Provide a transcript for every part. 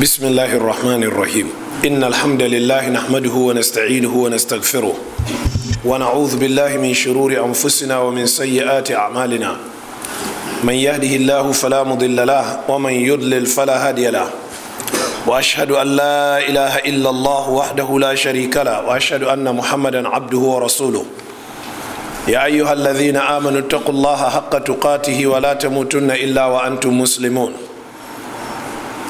بسم الله الرحمن الرحيم إن الحمد لله نحمده ونستعينه ونستغفره ونعوذ بالله من شرور أنفسنا ومن سيئات أعمالنا من يهده الله فلا مضل له ومن يضلل فلا هادي له واشهد ان لا اله الا الله وحده لا شريك له واشهد ان محمدا عبده ورسوله يا ايها الذين امنوا اتقوا الله حق تقاته ولا تموتن الا وانتم مسلمون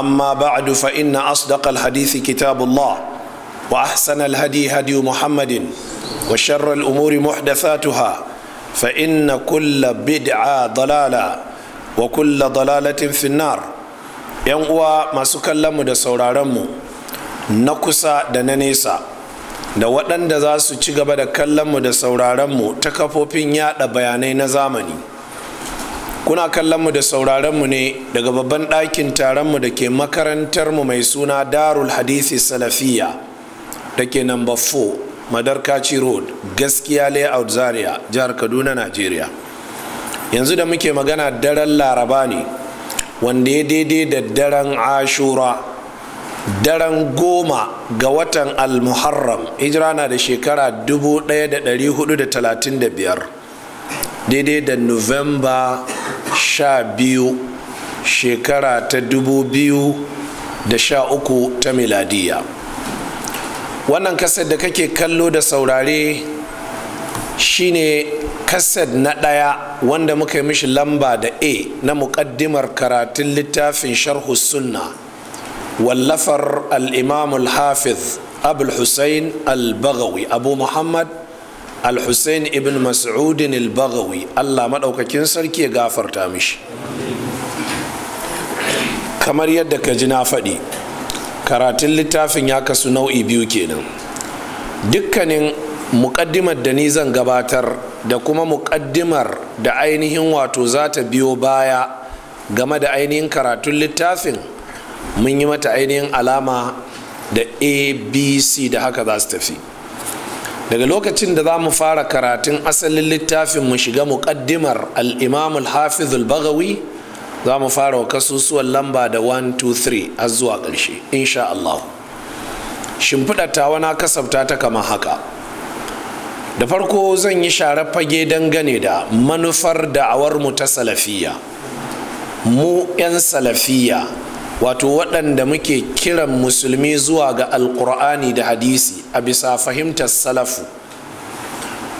أما بعد فإن أصدق الحديث كتاب الله وأحسن الهدي هدي محمد وشر الأمور محدثاتها فإن كل بدعة ضلالة وكل ضلالة في النار uwa masu kallonmu da sauraronmu na kusa da na nesa da waɗanda za su ci gaba da kallonmu da sauraronmu ta kafofin yada bayanai na zamani kuna kallon mu da sauraron mu ne daga babban ɗakin taron mu da ke makarantar mu mai suna darul hadithi salafiya da ke number 4 madarkaci road gaskiya layout zaria jihar kaduna nigeria yanzu da muke magana daren laraba ne wanda ya daidai da daren ashura daren goma ga watan almuharram hijira na da shekara 1435 daidai da november sha biyu shekara ta dubu biyu da sha uku ta miladiya wannan kaset da kake kallo da saurare shine kaset na ɗaya wanda muka yi mishi lamba da a na muƙaddimar karatun littafin sharhu sunna wallafar al imamul hafiz abul hussein al-baghawi abu muhammad al-hussein ibn mas'udin al-baghawi allah maɗaukakin sarki ya gafarta mishi kamar yadda ka ji na faɗi karatun littafin ya kasu nau'i biyu kenan dukkanin muƙaddimar da ni zan gabatar da kuma muƙaddimar da ainihin wato za ta biyo baya game da ainihin karatun littafin mun yi mata ainihin alama da abc da haka za su tafi daga lokacin da za mu fara karatun asalin littafin mu shiga muƙaddimar al-imam al-hafiz al bagawi za mu fara wa kasusuwan lamba da 1 2 3 har zuwa ƙarshe insha Allah shimfiɗa tawa na kasafta ta kama haka da farko zan yi share fage dangane da manufar da'awar mu ta salafiya mu 'yan salafiya wato waɗanda muke kiran musulmi zuwa ga Alƙur'ani da hadisi a bisa fahimtar salafu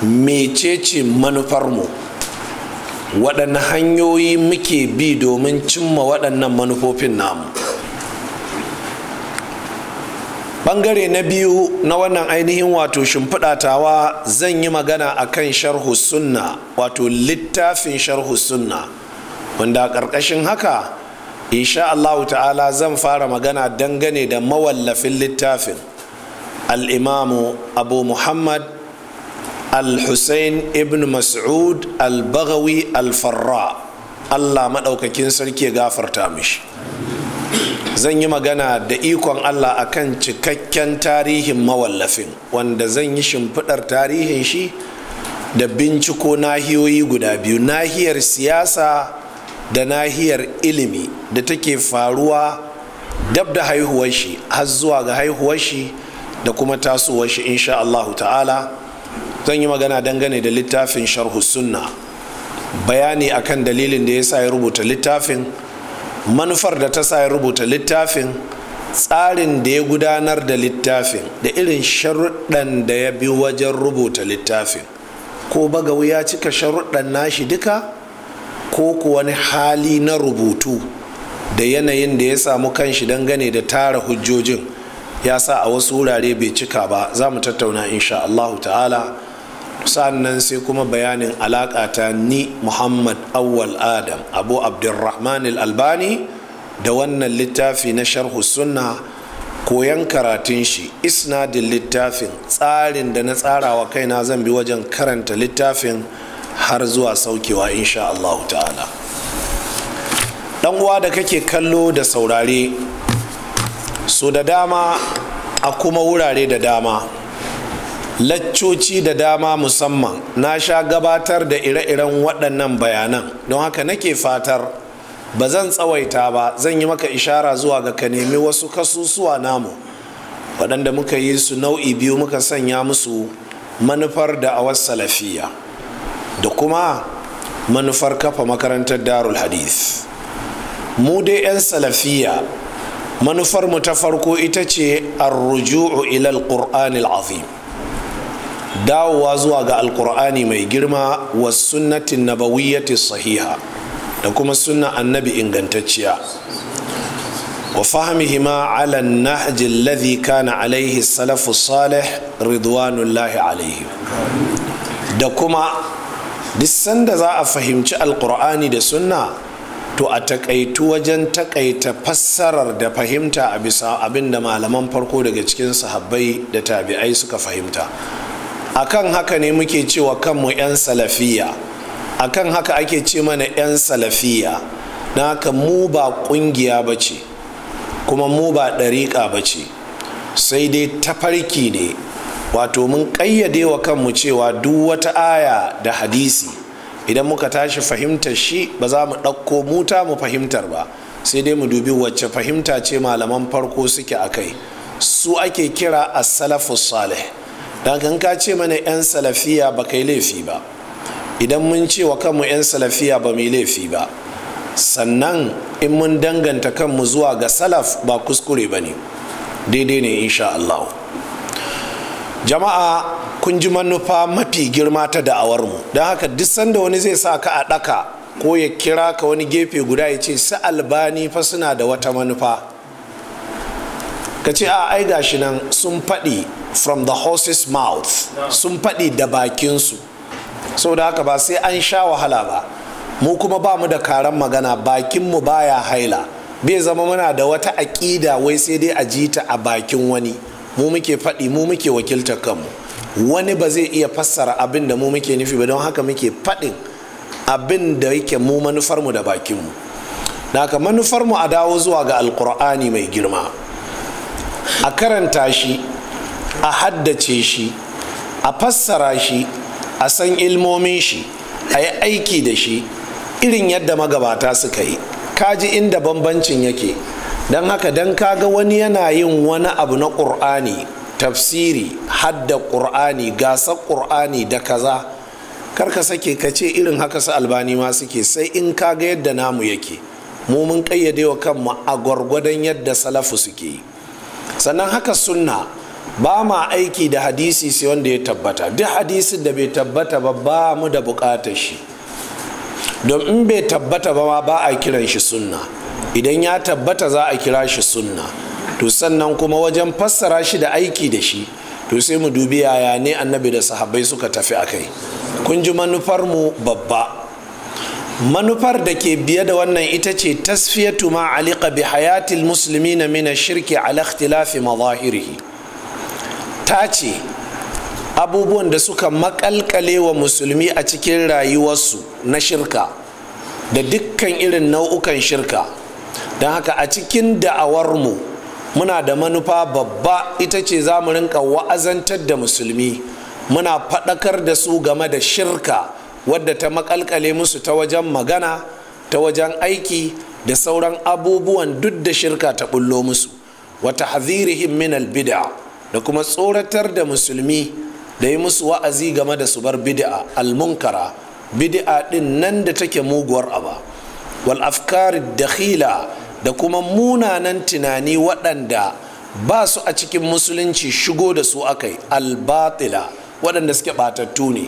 mecece manufarmu waɗanne hanyoyi muke bi domin cimma waɗannan manufofin namu ɓangare na biyu na wannan ainihin wato shimfiɗatawa zan yi magana a kan sharhu sunna wato littafin sharhu sunna wanda a ƙarƙashin haka insha Allah ta'ala zan fara magana dangane da mawallafin littafin al'imamu abu muhammad al-hussein ibn mas'ud al-baghawi al-farra Allah maɗaukakin sarki gafarta mishi zan yi magana da ikon Allah akan cikakken tarihin mawallafin wanda zan yi shimfiɗar tarihin shi da binciko nahiyoyi guda biyu nahiyar siyasa da nahiyar ilimi da take faruwa dab da haihuwar shi har zuwa ga haihuwar shi da kuma tasowar shi insha Allahu ta'ala zan yi magana dangane da littafin sharhu sunna bayani akan dalilin da ya sa ya rubuta littafin manufar da ta sa ya rubuta littafin tsarin da ya gudanar da littafin da irin sharuɗan da ya bi wajen rubuta littafin ko bagawu ya cika sharuɗan nashi duka ko ku wani hali na rubutu da yanayin da ya samu kanshi dangane da tara hujjojin ya sa a wasu wurare bai cika ba za mu tattauna insha Allahu ta'ala sannan sai kuma bayanin alaƙa ta ni muhammad awwal adam abu abdulrahman albani da wannan littafi na sharhu sunna koyan karatun shi isnadin littafin tsarin da na tsarawa kaina zan bi wajen karanta littafin har zuwa saukewa insha Allah ta'ala dan uwa da kake kallo da saurare so da dama a kuma wurare da dama laccoci da dama musamman na sha gabatar da ire-iren waɗannan bayanan don haka nake fatar ba zan tsawaita ba zan yi maka ishara zuwa ga ka nemi wasu kasusuwa namu waɗanda muka yi su nau'i biyu muka sanya musu manufar da a wasu salafiya da kuma manufar kafa makarantar darul hadith mu dai 'yan salafiya manufar mu ta farko ita ce arruju'u ilal qur'ani azim dawowa zuwa ga alkur'ani mai girma wa sunnatin nabawiyyati sahiha da kuma sunna annabi ingantacciya wa fahimihima ala nahji alladhi kana alaihi salafu salih ridwanullahi alaihi da kuma duk sanda za a fahimci alkur'ani da sunna to a takaitu wajen takaita fassarar da fahimta a bisa abin da malaman farko daga cikin sahabbai da tabi'ai suka fahimta akan haka ne muke cewa kanmu 'yan salafiya akan haka ake ce mana 'yan salafiya na haka mu ba kungiya ba ce kuma mu ba ɗariƙa ba ce sai dai tafarki ne wato mun kayyade wa kanmu cewa duk wata aya da hadisi idan muka tashi fahimtar shi ba za mu ɗauko muta mu fahimtar ba sai dai mu dubi wacce fahimta ce malaman farko suke a kai su ake kira a salafus salih don kan ka ce mana yan salafiya ba kai laifi ba idan mun ce wa kanmu yan salafiya ba mai laifi ba sannan in mun danganta kanmu zuwa ga salaf ba kuskure ba ne daidai ne insha jama'a kun ji manufa mafi girma ta da'awarmu don haka duk sanda wani zai sa ka a ɗaka ko ya kira ka wani gefe guda ya ce su albani fa suna da wata manufa ka ce a ai gashi nan sun faɗi from the horse's mouth sun faɗi da bakinsu saboda haka ba sai an sha wahala ba mu kuma ba mu da karan magana bakinmu baya haila bai zama muna da wata aƙida wai sai dai a ji ta a bakin wani mu muke faɗi mu muke wakiltar kanmu wani ba zai iya fassara abin da mu muke nufi ba don haka muke faɗin abin da yake mu manufarmu da bakinmu haka manufarmu a dawo zuwa ga alkur'ani mai girma a karanta shi a haddace shi a fassara shi a san ilmomin shi a yi aiki da shi irin yadda magabata suka yi kaji inda bambancin yake don haka don kaga wani yana yin wani abu na ƙur'ani tafsiri hadda ƙur'ani gasar ƙur'ani da kaza karka sake ka ce irin haka su albani ma suke sai in kaga yadda namu yake mu mun kayyade wa kanmu a gwargwadon yadda salafu suke yi sannan haka sunna ba ma aiki da hadisi sai wanda ya tabbata duk hadisin da bai tabbata ba ba mu da buƙatar shi don in bai tabbata ba ma ba a kiran shi sunna idan ya tabbata za a kira shi sunna to sannan kuma wajen fassara shi da aiki da shi to sai mu dubi yaya ne annabi da sahabbai suka tafi a kai kun ji manufar mu babba manufar da ke biye da wannan ita ce tasfiyatu ma alika bi hayatil muslimina min shirki ala ikhtilafi mazahirihi ta ce abubuwan da suka makalkale wa musulmi a cikin rayuwarsu na shirka da dukkan irin nau'ukan shirka don haka a cikin da'awarmu muna da manufa babba ita ce za mu rinka wa'azantar da musulmi muna faɗakar da su game da shirka wadda ta makalkale musu ta wajen magana ta wajen aiki da sauran abubuwan duk da shirka ta bullo musu wata hazirihim min albida da kuma tsoratar da musulmi da yi musu wa'azi game da su bar bid'a almunkara bid'a din nan da take muguwar aba wal afkari dakhila da kuma munanan tunani waɗanda ba su a cikin musulunci shigo da su akai. yi albatila waɗanda suke ɓatattu ne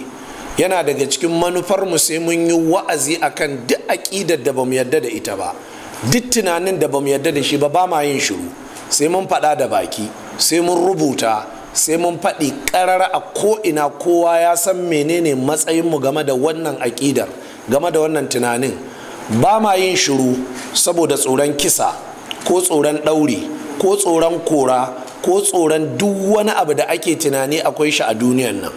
yana daga cikin manufar mu sai mun yi wa'azi akan duk aƙidar da bamu yarda da ita ba duk tunanin da bamu yarda da shi ba ba ma yin shiru sai mun faɗa da baki sai mun rubuta sai mun faɗi ƙarar a ko'ina kowa ya san menene matsayinmu game da wannan aƙidar game da wannan tunanin ba ma yin shiru saboda tsoron kisa ko tsoron ɗauri ko tsoron kora ko tsoron duk wani abu da ake tunani akwai shi a duniyan nan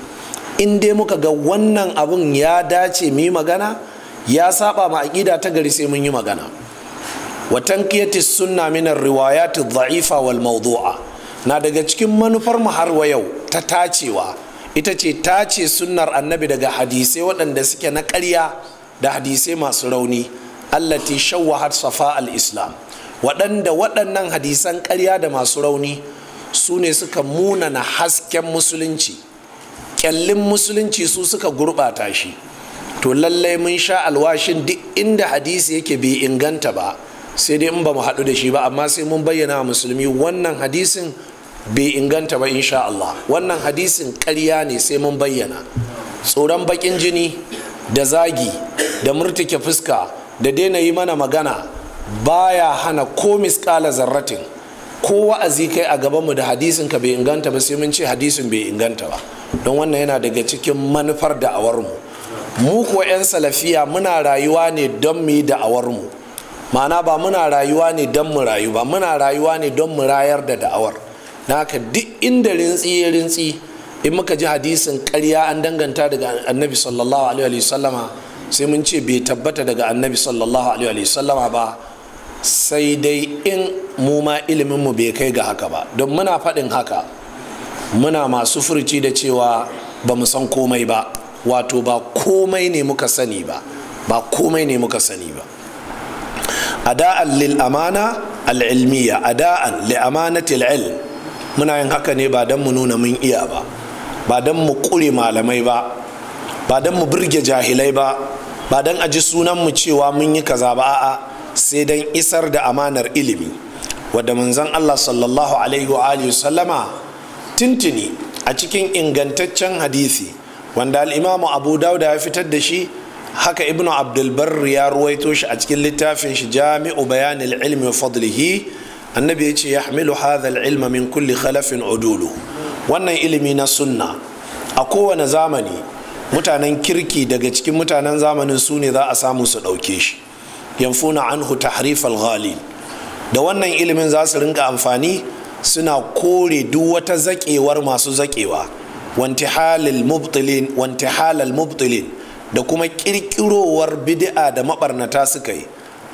in dai muka ga wannan abun ya dace mu yi magana ya saba ma aƙida ta gari sai mun yi magana Watan kiyatis sunna minar riwayati dha'ifa wal mawdu'a na daga cikin manufar mu har wa yau ta tacewa ita ce tace sunnar annabi daga hadisai waɗanda suke na ƙarya da hadisai masu rauni allati shawwahat safa al-islam waɗanda waɗannan hadisan karya da masu rauni su ne suka munana hasken musulunci ƙyallin musulunci su suka gurɓata shi to lallai mun sha alwashin duk inda hadisi yake bai inganta ba sai dai in ba mu haɗu da shi ba amma sai mun bayyana wa musulmi wannan hadisin bai inganta ba insha Allah wannan hadisin ƙarya ne sai mun bayyana tsoron baƙin jini da zagi da murtuke fuska da daina yi mana magana baya hana ko miskala zarratin ko wa'azi kai a gabanmu da hadisin ka bai inganta ba sai mun ce hadisin bai inganta ba don wannan yana daga cikin manufar da'awarmu mu kuwa 'yan salafiya muna rayuwa ne don mu yi da'awarmu ma'ana ba muna rayuwa ne don mu rayu ba muna rayuwa ne don mu rayar da da'awar na haka duk inda rintsi ya rintsi in muka ji hadisin karya an danganta daga annabi sallallahu alaihi sallama sai mun ce bai tabbata daga annabi sallallahu alaihi sallama ba sai dai in mu ma ilimin mu bai kai ga haka ba don muna faɗin haka muna masu furci da cewa ba mu san komai ba wato ba komai ne muka sani ba ba komai ne muka sani ba ada'an lil amana al'ilmiya ada'an li amanati ilm muna yin haka ne ba don mu nuna mun iya ba ba don mu ƙure malamai ba ba don mu birge jahilai ba ba don a ji sunanmu cewa mun yi kaza ba a'a sai don isar da amanar ilimi wadda manzon Allah sallallahu alaihi wa sallama tintini a cikin ingantaccen hadisi wanda al'imamu abu dauda ya fitar da shi haka ibnu abdulbar ya ruwaito shi a cikin littafin shi jami'u bayanin ilmi wa fadlihi annabi ya ce ya hamilu hadha ilma min kulli khalafin odolo wannan ilimi na sunna a kowane zamani mutanen kirki daga cikin mutanen zamanin su ne za a samu su ɗauke shi yamfuna anhu tahrif al-ghali da wannan ilimin za su rinka amfani suna kore duk wata zaƙewar masu zaƙewa wanti halal wantihalal mubtilin da kuma ƙirƙirowar bid'a da maɓarnata suka yi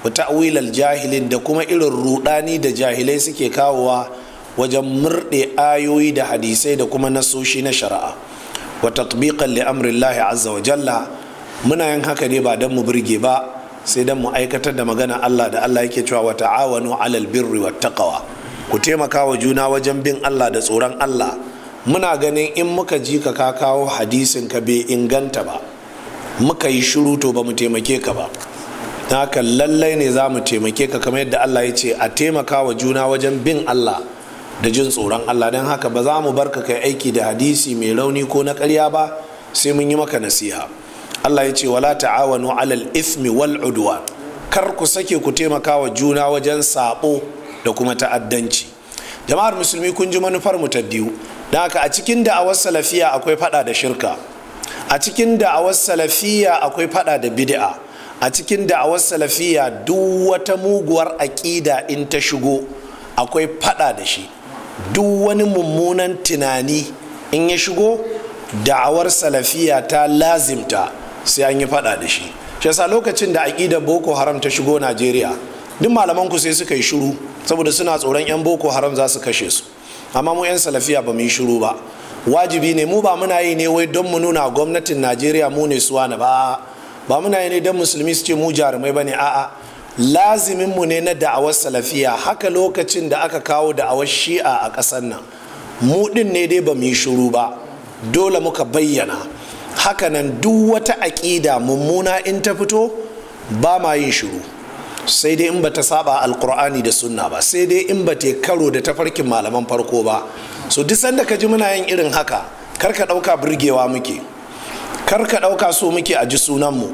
wa ta'wilal jahilin da kuma irin ruɗani da jahilai suke kawowa wajen murɗe ayoyi da hadisai da kuma nasoshi na shari'a wa tatbiqan li amrillahi azza wa jalla muna yin haka ne ba don mu burge ba sai don mu aikatar da magana Allah da Allah yake cewa wa ta'awanu alal birri wa taqwa ku taimaka wa juna wajen bin Allah da tsoron Allah muna ganin in muka ji ka ka kawo hadisin ka bai inganta ba muka yi shiru to ba mu taimake ka ba haka lallai ne za mu taimake ka kamar yadda Allah ya ce a taimaka wa juna wajen bin Allah da jin tsoron Allah don haka ba za mu barka kai aiki da hadisi mai rauni ko na karya ba sai mun yi maka nasiha Allah ya ce wala ta'awanu alal ismi wal udwan kar ku sake ku taimaka wa juna wajen sabo da kuma ta'addanci jama'ar musulmi kun ji manufar mu ta biyu da haka a cikin da'awar salafiya akwai fada da shirka a cikin da'awar salafiya akwai fada da bid'a a cikin da'awar salafiya duk wata muguwar aƙida in ta shigo akwai fada da shi duk wani mummunan tunani in ya shigo da'awar salafiya ta lazimta sai an yi fada da shi shi lokacin da aƙidar boko haram ta shigo najeriya duk malaman ku sai suka yi shiru saboda suna tsoron 'yan boko haram za su kashe su amma mu 'yan salafiya ba mu yi shiru ba wajibi ne mu ba muna yi ne wai don mu nuna gwamnatin najeriya mu ne suwa na ba ba muna yi ne don musulmi su ce mu jarumai ba ne a'a laziminmu ne na da'awar salafiya haka lokacin da aka kawo da'awar shi'a a ƙasar nan mu ɗin ne dai ba mu yi shuru ba dole muka bayyana Haka nan duk wata aƙida mummuna in ta fito ba ma yin shuru sai dai in ba ta saba alkur'ani da sunna ba sai dai in ba ta karo da ta farkin malaman farko ba so duk sanda ka ji muna yin irin haka kar ka ɗauka burgewa muke kar ka ɗauka so muke a ji sunanmu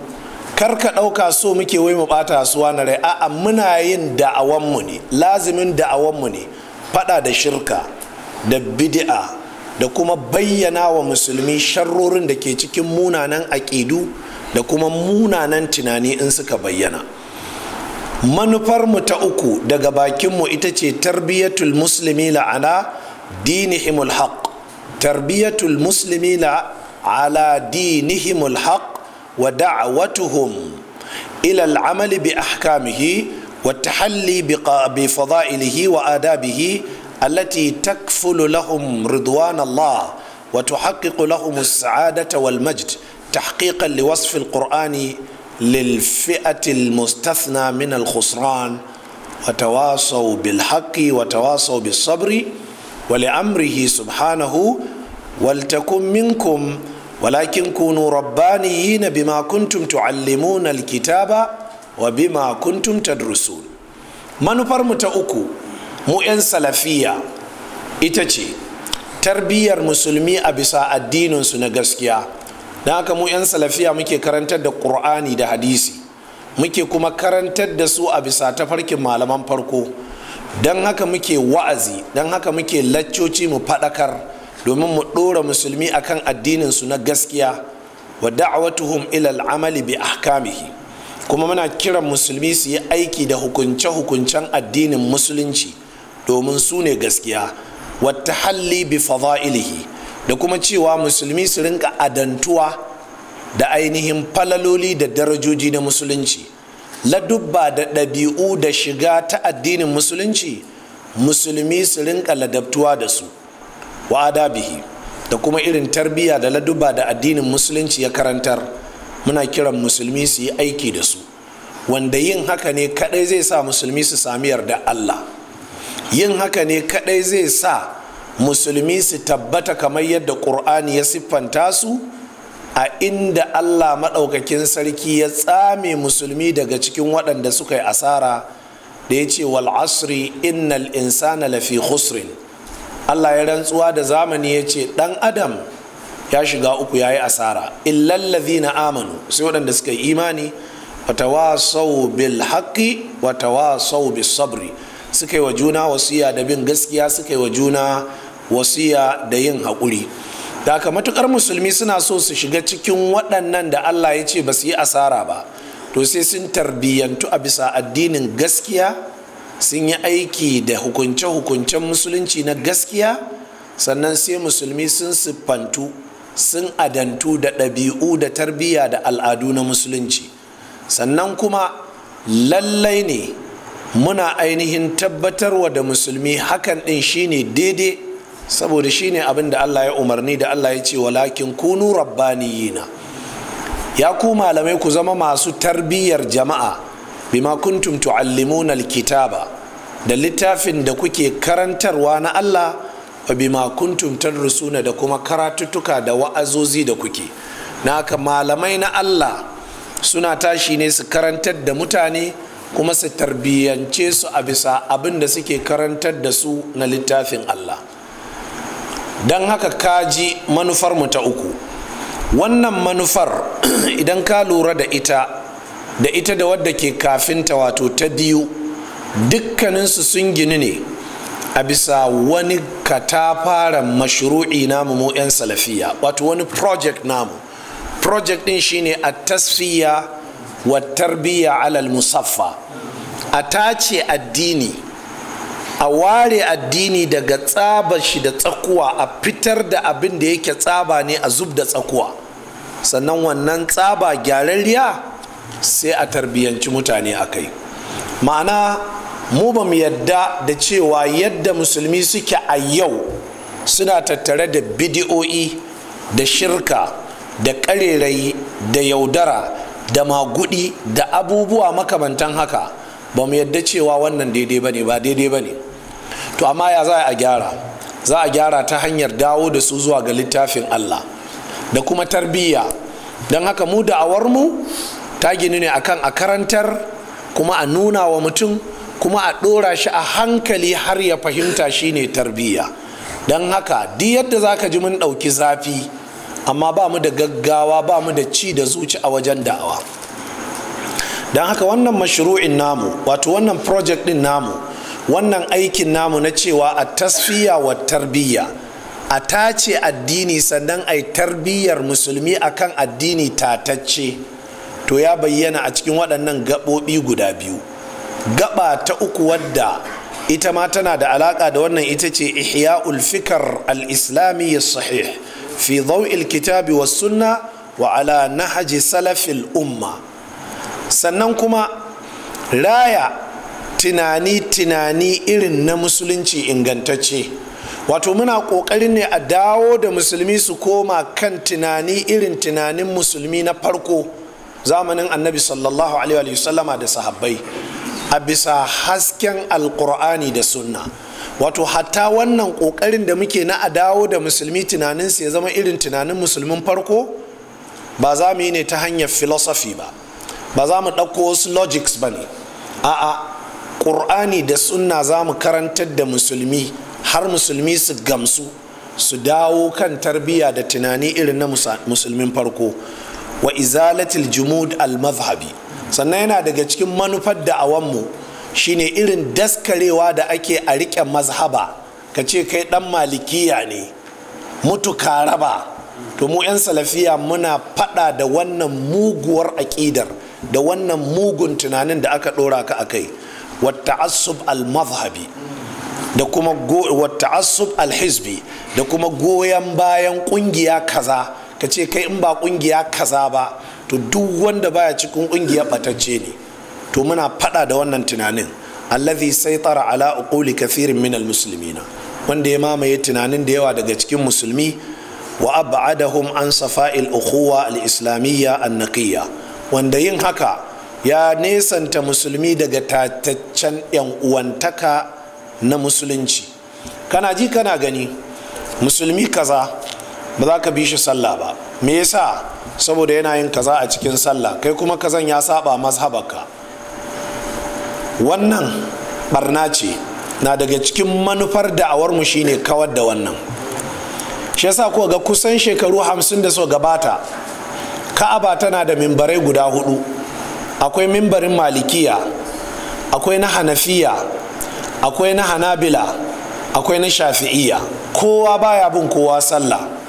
kar ka ɗauka so muke wai mu ɓata suwa na rai a'a muna yin da'awanmu ne lazimin da'awanmu ne faɗa da shirka da bid'a da kuma bayyana wa musulmi sharrorin da ke cikin munanan aƙidu da kuma munanan tunani in suka bayyana manufarmu ta uku daga bakinmu ita ce tarbiyyatul musulmi la'ala dinihimul haq tarbiyyatul musulmi la'ala dinihimul haq ودعوتهم إلى العمل بأحكامه والتحلي بفضائله وآدابه التي تكفل لهم رضوان الله وتحقق لهم السعادة والمجد تحقيقا لوصف القرآن للفئة المستثنى من الخسران وتواصوا بالحق وتواصوا بالصبر ولأمره سبحانه ولتكن منكم walakin kunu na bima kuntum tuallimuna alkitaba wa bima kuntum tadrusun manufar mu ta uku mu 'yan salafiya ita ce tarbiyyar musulmi a bisa addininsu na gaskiya don haka mu 'yan salafiya muke karantar da ƙur'ani da hadisi muke kuma karantar da su a bisa ta farkin malaman farko don haka muke wa'azi don haka muke laccoci mu faɗakar domin mu ɗora musulmi akan addinin su na gaskiya wa da'awatuhum ilal amali bi ahkamihi kuma muna kiran musulmi su yi aiki da hukunce-hukuncen addinin musulunci domin su ne gaskiya wata halli bi fada'ilihi da kuma cewa musulmi su rinka adantuwa da ainihin falaloli da darajoji na musulunci ladubba da ɗabi'u da shiga ta addinin musulunci musulmi su rinka ladabtuwa da su wa adabihi da kuma irin tarbiyya da laduba da addinin musulunci ya karantar muna kiran musulmi su yi aiki da su wanda yin haka ne kadai zai sa musulmi su sami yarda Allah yin haka ne kadai zai sa musulmi su tabbata kamar yadda ƙur'ani ya siffanta su a inda Allah maɗaukakin sarki ya tsame musulmi daga cikin waɗanda suka yi asara da ya ce wal asri innal insana lafi husrin? allah ya rantsuwa da zamani ya ce dan adam ya shiga uku ya yi asara illallazi na amanu sai waɗanda suka yi imani watawasau bil haqqi watawasau bis sabri suka yi wa juna wasiya da bin gaskiya suka yi wa juna wasiya da yin haƙuri da ka matukar musulmi suna so su shiga cikin waɗannan da allah ya ce ba su yi asara ba to sai sun tarbiyyantu a bisa addinin gaskiya sun yi aiki da hukunce-hukuncen musulunci na gaskiya sannan sai musulmi sun siffantu sun adantu da ɗabi'u da tarbiyya da al'adu na musulunci sannan kuma lallai ne muna ainihin tabbatarwa da musulmi hakan ɗin shine daidai saboda shine abin da allah ya umarni da allah ya ce walakin kunu rabbaniyina ya ku malamai ku zama masu tarbiyyar jama'a bima kuntum tuallimuna alkitaba da littafin da kuke karantarwa na Allah wa bima kuntum tadrusuna da kuma karatuttuka da wa'azozi da kuke na malamai na Allah suna tashi ne su karantar da mutane kuma su tarbiyyance su a bisa abin da suke karantar da su na littafin Allah don haka kaji manufar mu ta uku wannan manufar idan ka lura da ita da ita da wadda ke kafinta wato ta biyu dukkaninsu sun gini ne a bisa wani katafaren mashru'i namu mu 'yan salafiya wato wani project namu project din shine a tasfiya wa tarbiyya alal musaffa a tace addini a ware addini daga tsaba shi da tsakuwa a fitar da abin da yake tsaba ne a zub da tsakuwa sannan wannan tsaba gyararriya sai a tarbiyyanci mutane a kai ma'ana mu ba mu yadda da cewa yadda musulmi suke a yau suna tattare da bidiyo'i da shirka da karerai da yaudara da magudi da abubuwa makamantan haka ba mu yadda cewa wannan daidai ba ne ba daidai ba ne to amma ya za a gyara za a gyara ta hanyar dawo da su zuwa ga littafin allah da kuma tarbiyya don haka mu da'awarmu ta gini ne akan a karantar kuma a nuna wa mutum kuma a ɗora shi a hankali har ya fahimta shi ne tarbiyya don haka duk yadda za ka ji mun ɗauki zafi amma ba mu da gaggawa ba mu da ci da zuci a wajen da'awa don haka wannan mashru'in namu wato wannan project din namu wannan aikin namu na cewa a tasfiya wa tarbiyya a tace addini sannan a tarbiyyar musulmi akan addini tatacce to ya bayyana a cikin waɗannan gaɓoɓi guda biyu gaɓa ta uku wadda ita ma tana da alaƙa da wannan ita ce ihya'ul fikar al-islami sahih fi dhaw'il kitabi was sunna wa ala nahaji salafil umma sannan kuma raya tunani-tunani irin na musulunci ingantacce wato muna kokarin ne a dawo da musulmi su koma kan tunani irin tunanin musulmi na farko zamanin annabi sallallahu alaihi sallama da sahabbai a bisa hasken alkur'ani da sunna wato hatta wannan kokarin da muke na a dawo da musulmi tunanin ya zama irin tunanin musulmin farko ba za mu yi ne ta hanyar philosophy ba ba za mu ɗauko wasu logics ba ne a'a ƙur'ani da sunna za mu karantar da musulmi har musulmi su gamsu su dawo kan tarbiyya da tunani irin na musulmin farko wa izalatil jumud al-mazhabi sannan yana daga cikin manufar da'awanmu shine irin daskarewa da ake a riƙe mazhaba ka ce kai ɗan malikiya ne mutu karaba to mu 'yan salafiya muna faɗa da wannan muguwar aƙidar da wannan mugun tunanin da aka ɗora ka a kai wata al-mazhabi da kuma wata al-hizbi da kuma goyon bayan ƙungiya kaza ka ce kai in ba kungiya kaza ba to duk wanda baya cikin kungiya batacce ne to muna fada da wannan tunanin allazi saitara ala uquli kathirin min almuslimina wanda ya mamaye tunanin da yawa daga cikin musulmi wa ab'adahum an safa'il ukhuwa Al'islamiyya islamiyya wanda yin haka ya nesanta musulmi daga tataccen yan uwantaka na musulunci kana ji kana gani musulmi kaza ba za ka bi shi sallah ba me yasa saboda yana yin kaza a cikin sallah kai kuma kazan ya saba mazhabaka wannan barna ce na daga cikin manufar da'awar mu shine kawar da wannan shi yasa ko ga kusan shekaru hamsin da so gabata ka'aba tana da mimbarai guda hudu akwai mimbarin malikiya akwai na hanafiya akwai na hanabila akwai na shafi'iya kowa baya bin kowa sallah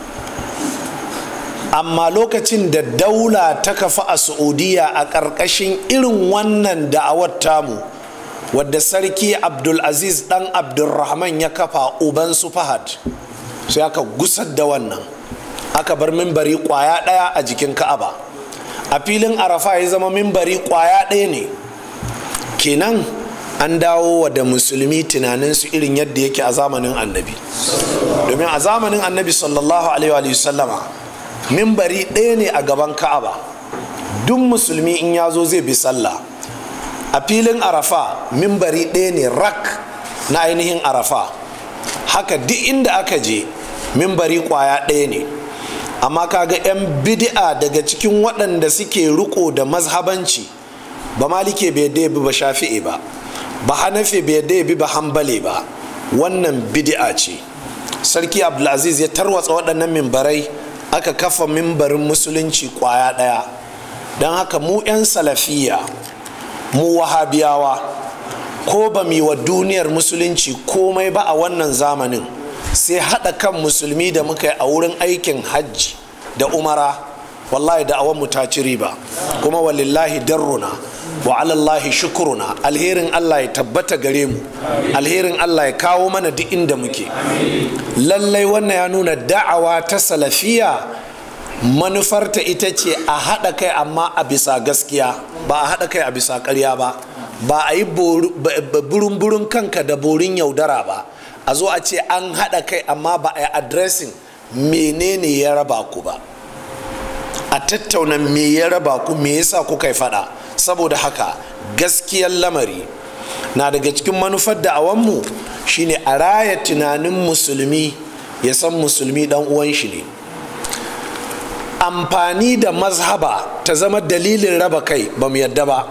amma lokacin da daula ta kafa a saudiya a ƙarƙashin irin wannan da'awar tamu wadda sarki abdulaziz dan abdulrahman ya kafa uban su fahad sai aka gusar da wannan aka bar mimbari kwaya ɗaya a jikin ka'aba a filin arafa ya zama mimbari kwaya ɗaya ne kenan an dawo wa da musulmi tunaninsu irin yadda yake a zamanin annabi domin a zamanin annabi sallallahu alaihi wa sallama mimbari ɗaya ne a gaban ka'aba duk musulmi in ya zo zai bi sallah a filin arafa mimbari ɗaya ne rak na ainihin arafa haka duk inda aka je mimbari kwaya ɗaya ne amma kaga 'yan bidi'a daga cikin waɗanda suke riko da mazhabanci ba malike bai yadda bi ba shafi'i ba ba hanafi bai yadda bi ba hambale ba wannan bidi'a ce sarki abdulaziz ya tarwatsa waɗannan mimbarai aka kafa mimbarin musulunci kwaya ɗaya don haka mu 'yan salafiya mu wahabiyawa ko ba mu wa duniyar musulunci komai ba a wannan zamanin sai haɗa kan musulmi da muka yi a wurin aikin hajji da umara wallahi da awon mu ta ba kuma walillahi darruna wa alallahi shukuruna alherin Allah ya tabbata gare mu alherin Allah ya kawo mana duk inda muke lallai wannan ya nuna da'awa ta salafiya manufarta ita ce a haɗa kai amma a bisa gaskiya ba a haɗa kai a bisa ƙarya ba ba a yi burin-burin kanka da borin yaudara ba a zo a ce an haɗa kai amma ba a yi adresin menene ya raba ku ba a tattauna me ya raba ku me yasa kuka yi fada saboda haka gaskiyar lamari na daga cikin manufar da awanmu shine a raya tunanin musulmi ya san musulmi dan uwan shi ne amfani da mazhaba ta zama dalilin raba kai ba mu yadda ba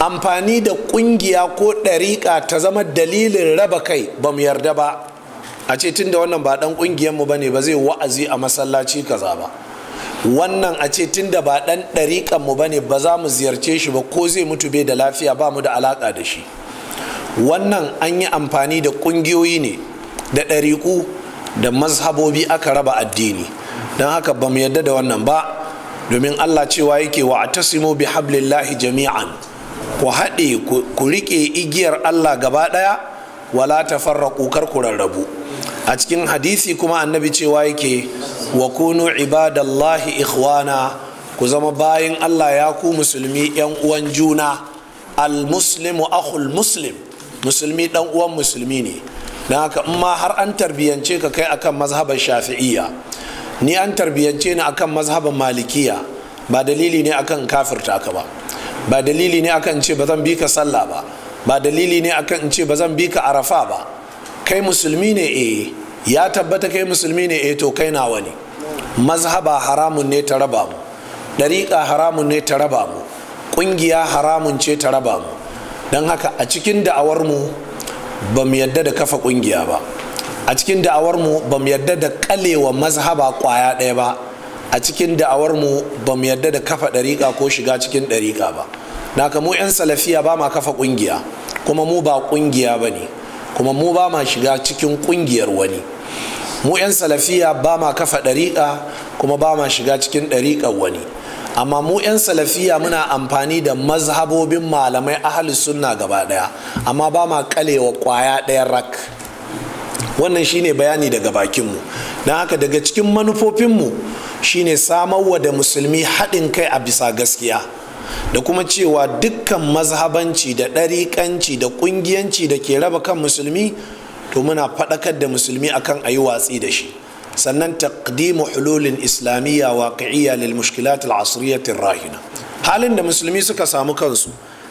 amfani da kungiya ko ɗariƙa ta zama dalilin raba kai ba mu yarda ba a ce tun da wannan ba ɗan ƙungiyarmu ba ne ba zai wa'azi a masallaci kaza ba wannan a ce tun da ba ɗan ɗariƙan mu bane ba za mu ziyarce shi ba ko zai mutu bai da lafiya ba mu da alaƙa da shi wannan an yi amfani da ƙungiyoyi ne da ɗariƙu da mazhabobi aka raba addini don haka ba mu yadda da wannan ba domin allah cewa yake wa a bi hablillahi jami'an ku haɗe ku riƙe igiyar allah gaba ɗaya wala ta tafarraƙu kar ku rarrabu a cikin hadisi kuma annabi cewa yake wa kunu ibadallahi ikhwana ku zama bayan Allah ya ku musulmi yan uwan juna al-muslimu akhul muslim musulmi dan uwan musulmi ne na haka in ma har an tarbiyance ka kai akan mazhaban shafi'iyya ni an tarbiyance ni akan mazhaban malikiya ba dalili ne akan kafirta ka ba ba dalili ne akan ce ba zan bi ka sallah ba ba dalili ne akan in ce ba zan bi ka arafa ba kai musulmi ne eh ya tabbata kai musulmi ne e to kai nawa ne mazhaba haramun ne ta raba mu dariƙa haramun ne ta raba mu ƙungiya haramun ce ta raba mu don haka a cikin da'awar mu ba mu yadda da kafa ƙungiya ba a cikin da'awar mu ba mu yadda da ƙalewa mazhaba ƙwaya ɗaya ba a cikin da'awar mu ba mu yadda da kafa ɗariƙa ko shiga cikin ɗariƙa ba Na mu 'yan salafiya ba ma kafa ƙungiya kuma mu ba ƙungiya ba ne kuma mu ba ma shiga cikin kungiyar wani mu 'yan salafiya ba ma kafa ɗariƙa kuma ba ma shiga cikin ɗariƙar wani amma mu 'yan salafiya muna amfani da mazhabobin malamai ahalus sunna gaba ɗaya amma ba ma kalewa kwaya ɗayan rak wannan shine bayani daga bakinmu don haka daga cikin manufofinmu shine samarwa da musulmi haɗin kai a bisa gaskiya da kuma cewa dukkan mazhabanci da ɗariƙanci da ƙungiyanci da ke raba kan musulmi to muna faɗakar da musulmi akan a yi watsi da shi sannan taqdimu hululin islamiyya waqi'iyya lil mushkilat al rahina halin da musulmi suka samu kansu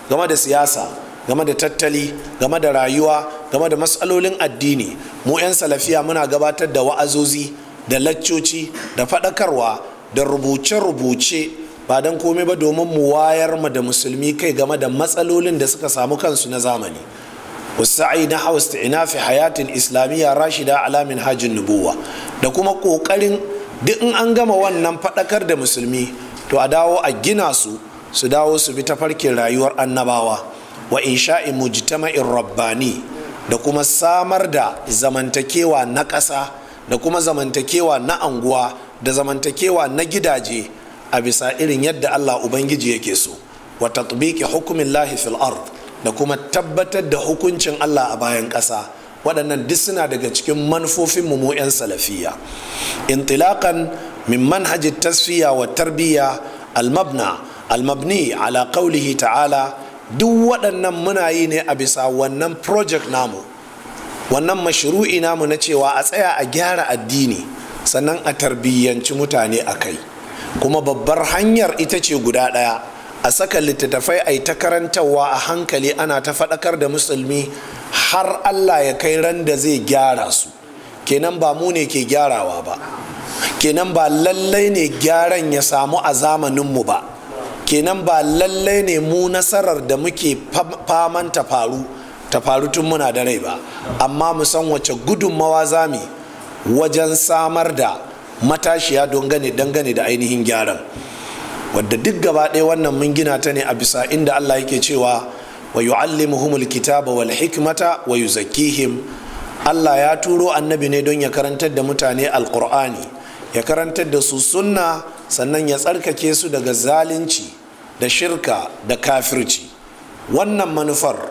game da siyasa game da tattali game da rayuwa game da matsalolin addini mu 'yan salafiya muna gabatar da wa'azozi da laccoci da faɗakarwa da rubuce-rubuce ba don komai ba domin mu wayar mu da musulmi kai game da matsalolin da suka samu kansu na zamani wasa'i na hausta ina fi hayatin islamiyya rashida alamin hajjin nubuwa da kuma kokarin duk in an gama wannan faɗakar da musulmi to a dawo a gina su su dawo su bi tafarkin rayuwar annabawa wa insha'i mujtama'in rabbani da kuma samar da zamantakewa na ƙasa da kuma zamantakewa na anguwa da zamantakewa na gidaje a bisa irin yadda Allah ubangiji yake so wa tatbiqi hukmillahi fil ard da kuma tabbatar da hukuncin Allah a bayan ƙasa waɗannan duk suna daga cikin manufofin mu 'yan salafiya intilakan min manhajin tasfiya wa tarbiyya almabna almabni ala qawlihi ta'ala duk waɗannan muna yi ne a bisa wannan project namu wannan mashru'i namu na cewa a tsaya a gyara addini sannan a tarbiyyanci mutane a kai kuma babbar hanyar ita ce guda ɗaya a saka littattafai a ta karantarwa a hankali ana ta faɗakar da musulmi har allah ya kai ran da zai gyara su kenan ba mu ne ke gyarawa ba kenan ba lallai ne gyaran ya samu a zamaninmu ba kenan ba lallai ne mu nasarar da muke faman ta faru ta faru tun muna da rai ba amma mu san wace gudunmawa zami wajen samar da matashiya dangane dangane da ainihin gyaran wadda duk gaba ɗaya wannan mun gina ta ne a bisa inda Allah yake cewa wa yu'allimuhumul kitaba wal hikmata wa yuzakkihim Allah ya turo annabi ne don ya karantar da mutane alkur'ani ya karantar da su sunna sannan ya tsarkake su daga zalunci da shirka da kafirci wannan manufar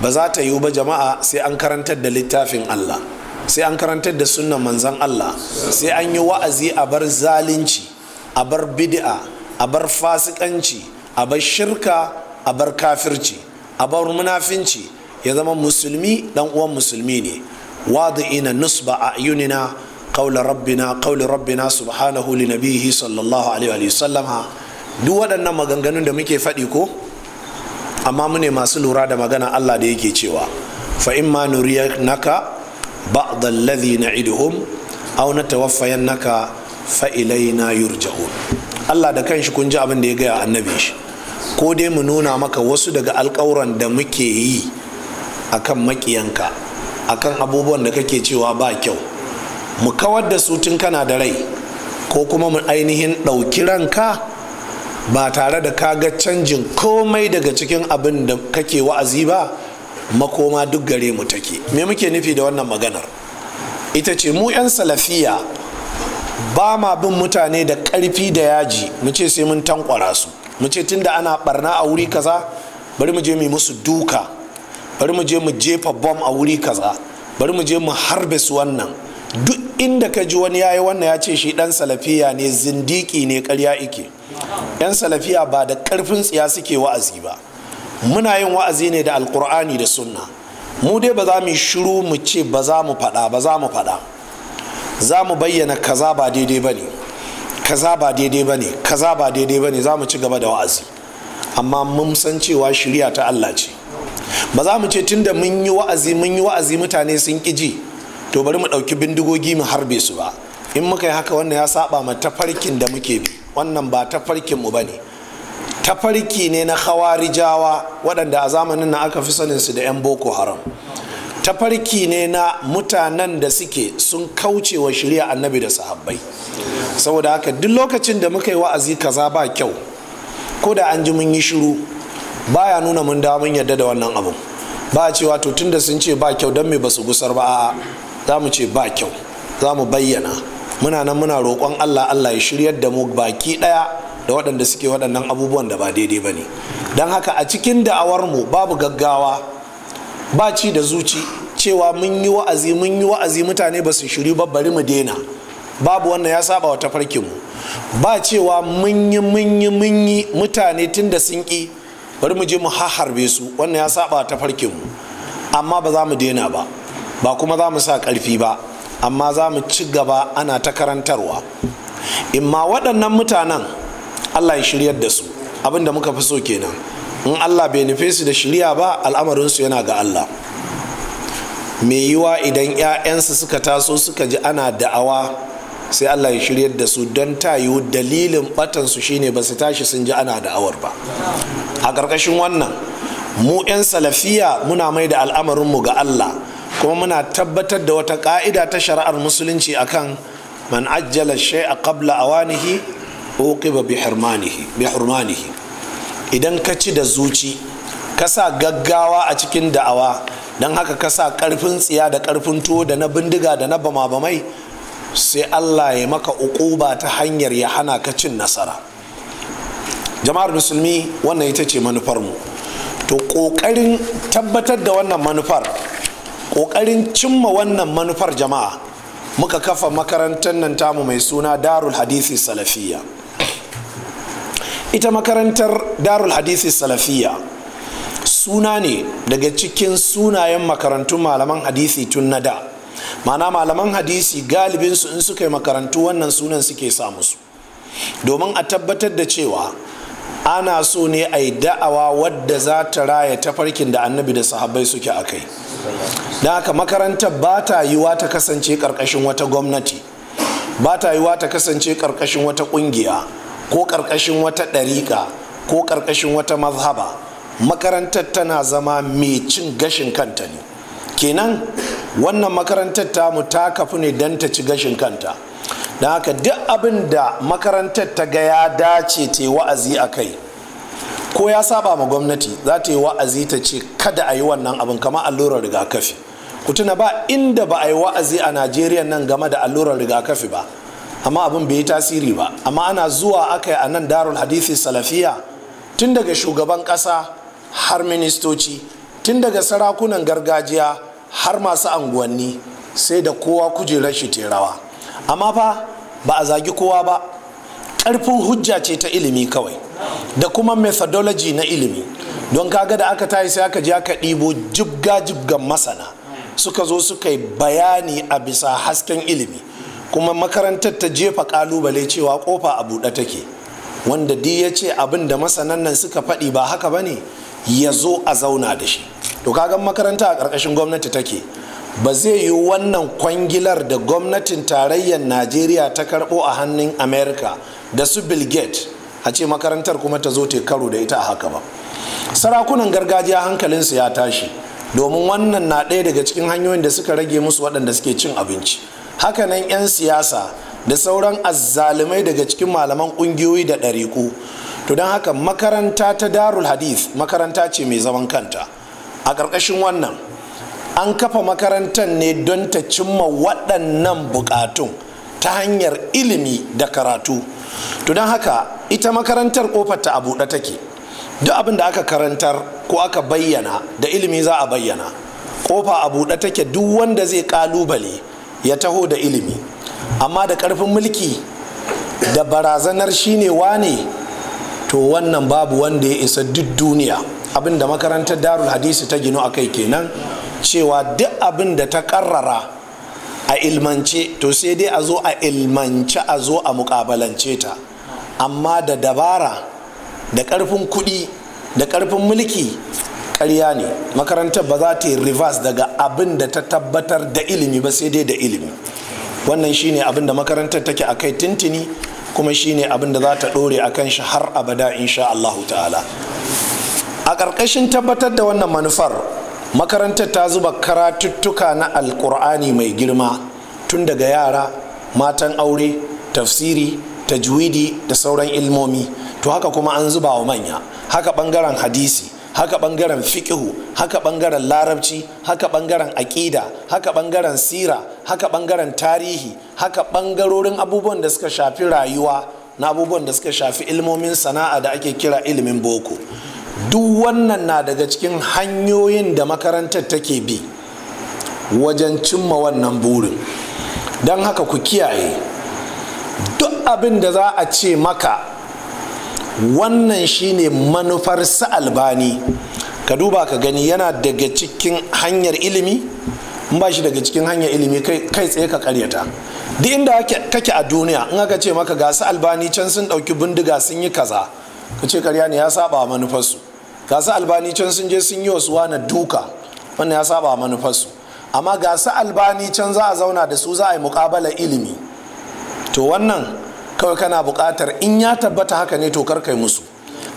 ba za ta yiwu ba jama'a sai an karantar da littafin Allah sai an karantar da sunan manzan Allah sai an yi wa'azi a bar zalunci a bar bid'a a bar fasikanci a bar shirka a bar kafirci a bar munafinci ya zama musulmi dan uwan musulmi ne ina nusba a yunina qawla rabbina qawli rabbina subhanahu li nabihi sallallahu alaihi wa sallama duk waɗannan maganganun da muke faɗi ko amma mune masu lura da magana Allah da yake cewa fa imma naka. ba'd alladhi na'iduhum aw natawaffayannaka fa ilaina yurja'un Allah da kanshi kun ji abin da ya gaya annabi shi ko dai mu nuna maka wasu daga alƙawuran da muke yi akan makiyanka akan abubuwan da kake cewa ba kyau mu kawar da su tun kana da rai ko kuma mu ainihin ɗauki ranka ba tare da kaga canjin komai daga cikin abin da kake wa'azi ba makoma duk gare mu take me muke nufi da wannan maganar ita ce mu 'yan salafiya ba ma bin mutane da ƙarfi da yaji mu ce sai mun tankwara su mu ce tunda ana barna a wuri kaza bari mu je mu musu duka bari mu je mu jefa bom a wuri kaza bari mu je mu harbe su wannan duk inda ka ji wani yayi wannan ya ce shi dan salafiya ne zindiki ne karya ike yan salafiya ba da ƙarfin tsiya suke wa'azi ba muna yin wa'azi ne da alkur'ani da sunna mu dai ba za mu shiru mu ce ba za mu faɗa ba za mu faɗa za mu bayyana kaza ba daidai ba ne kaza ba daidai ba ne kaza ba daidai ba ne za mu ci gaba da wa'azi amma mun san cewa shirya ta Allah ce ba za mu ce tunda mun yi wa'azi mun yi wa'azi mutane sun ƙi to bari mu ɗauki bindigogi mu harbe su ba in muka yi haka wannan ya saba ma tafarkin da muke bi wannan ba tafarkin mu bane tafarki ne na khawarijawa waɗanda a zamanin na aka fi sanin su da 'yan boko haram tafarki ne na mutanen da suke sun kauce wa shirya annabi da sahabbai saboda haka duk lokacin da muka yi wa'azi kaza ba kyau ko da an ji mun yi shiru baya nuna mun da mun yadda da wannan abun ba cewa to tunda sun ce ba kyau don me basu gusar ba a'a za mu ce ba kyau za mu bayyana muna nan muna roƙon allah allah ya shiryar da mu baki ɗaya da waɗanda suke waɗannan abubuwan da ba daidai ba ne don haka a cikin da'awarmu babu gaggawa ba ci da zuci cewa mun yi wa'azi mun yi wa'azi mutane ba su shiri ba bari mu daina babu wannan ya saba wa tafarkinmu ba cewa mun yi mun yi mun yi mutane tun da sun ƙi bari mu je mu harbe su wannan ya saba wa tafarkinmu amma ba za mu daina ba ba kuma za mu sa ƙarfi ba amma za mu ci gaba ana ta karantarwa in ma waɗannan mutanen allah ya shiryar da su abin da muka fi so kenan in allah bai nufe su da shirya ba al'amarinsu yana ga allah mai yiwa idan 'ya'yansu suka taso suka ji ana da'awa sai allah ya shiryar da su don ta yiwu dalilin batansu shine ba su tashi sun ji ana da'awar ba a ƙarƙashin wannan mu 'yan salafiya muna mai da al'amarinmu ga allah kuma muna tabbatar da wata ƙa'ida ta shari'ar musulunci akan man ajjala shay'a qabla awanihi uqiba bi idan ka ci da zuci ka sa gaggawa a cikin da'awa don haka ka sa karfin tsiya da ƙarfin tuwo da na bindiga da na bamabamai sai allah ya maka uquba ta hanyar ya hana ka cin nasara jama'ar musulmi wannan ita ce manufarmu to ƙoƙarin tabbatar da wannan manufar ƙoƙarin cimma wannan manufar jama'a muka kafa makarantar nan tamu mai suna darul hadisi salafiyya ita makarantar darul hadisi salafiya suna ne daga cikin sunayen makarantun malaman hadisi tun na da mana malaman hadisi galibinsu in suka yi makarantu wannan sunan suke sa musu domin a tabbatar da cewa ana so ne a yi da'awa wadda za ta raya tafarkin da annabi da sahabbai suke a kai don haka makarantar ba ta yiwa ta kasance karkashin wata gwamnati ba ta yiwa ta kasance karkashin wata kungiya ko ƙarƙashin wata ɗariƙa ko ƙarƙashin wata mazhaba makarantar tana zama mai cin gashin kanta ne kenan wannan makarantar tamu ta kafu ne don ta ci gashin kanta don haka duk abin da makarantar ta ga ya dace ta wa'azi a kai ko ya saba ma gwamnati za ta yi wa'azi ta ce kada a yi wannan abin kama allurar rigakafi ku tuna ba inda ba a yi wa'azi a najeriya nan game da allurar rigakafi ba amma abin bai yi tasiri ba amma ana zuwa aka yi a nan darul hadithi salafiya tun daga shugaban ƙasa har ministoci tun daga sarakunan gargajiya har masu anguwanni sai da kowa kujerar shi rawa amma fa ba a zagi kowa ba ƙarfin hujja ce ta ilimi kawai da kuma methodology na ilimi don kaga da aka tayi sai aka je aka ɗibo jibga jibgan masana suka zo suka yi bayani a bisa hasken ilimi kuma makarantar ta jefa kalubale cewa kofa a buɗe take wanda di ya ce abin da masanan nan suka faɗi ba haka ba ne ya zo a zauna da shi to kagan makaranta a ƙarƙashin gwamnati take ba zai yi wannan kwangilar da gwamnatin tarayyar najeriya ta karɓo a hannun Amerika, da su bill gates a ce makarantar kuma ta zo ta karo da ita a haka ba sarakunan gargajiya hankalinsu ya tashi domin wannan na ɗaya daga cikin hanyoyin da suka rage musu waɗanda suke cin abinci hakanan 'yan siyasa da sauran azzalumai daga cikin malaman ƙungiyoyi da ɗariku to don haka makaranta ta darul hadith makaranta ce mai zaman kanta a ƙarƙashin wannan an kafa makarantar ne don ta cimma waɗannan buƙatun ta hanyar ilimi da karatu to don haka ita makarantar ƙofar ta a buɗe take duk abin da aka karantar ko aka bayyana da ilimi za a bayyana ƙofa a buɗe take duk wanda zai ƙalubale ya taho da ilimi amma da karfin mulki da barazanar shine wane to wannan babu wanda ya isa duk duniya abinda makarantar darul hadisi ta gino a kai kenan cewa duk abin da ta karrara a ilmance to sai dai a zo a ilmance a zo a mukabalance ta amma da dabara da karfin kuɗi da karfin mulki karya ne makarantar ba za ta yi reverse daga abin da ta tabbatar da ilimi ba sai dai da ilimi wannan shine abin da makarantar take a kai tintini kuma shine abin da za ta ɗore a kan shi har abada insha Allahu ta'ala a ƙarƙashin tabbatar da wannan manufar makarantar ta zuba karatuttuka na alƙur'ani mai girma tun daga yara matan aure tafsiri tajwidi da sauran ilmomi to haka kuma an zuba wa manya haka ɓangaren hadisi haka bangaren fikihu haka bangaren larabci haka bangaren aƙida haka bangaren sira haka bangaren tarihi haka bangarorin abubuwan da suka shafi rayuwa na abubuwan da suka shafi ilmomin sana'a da ake kira ilimin boko duk wannan na daga cikin hanyoyin da makarantar take bi wajen cimma wannan burin don haka ku kiyaye duk abin da za a ce maka wannan shine manufar su albani ka duba ka gani yana daga cikin hanyar ilimi in ba shi daga cikin hanyar ilimi kai tsaye ka karyata duk inda kake a duniya in aka ce maka gasu albani can sun ɗauki bindiga sun yi kaza ka ce karya ne ya saba manufarsu gasu albani can sun je sun yi wasu wani duka wannan ya saba manufarsu amma gasu albani can za a zauna da su za a yi muƙabalar ilimi to wannan kawai kana buƙatar in ya tabbata haka ne to kar kai musu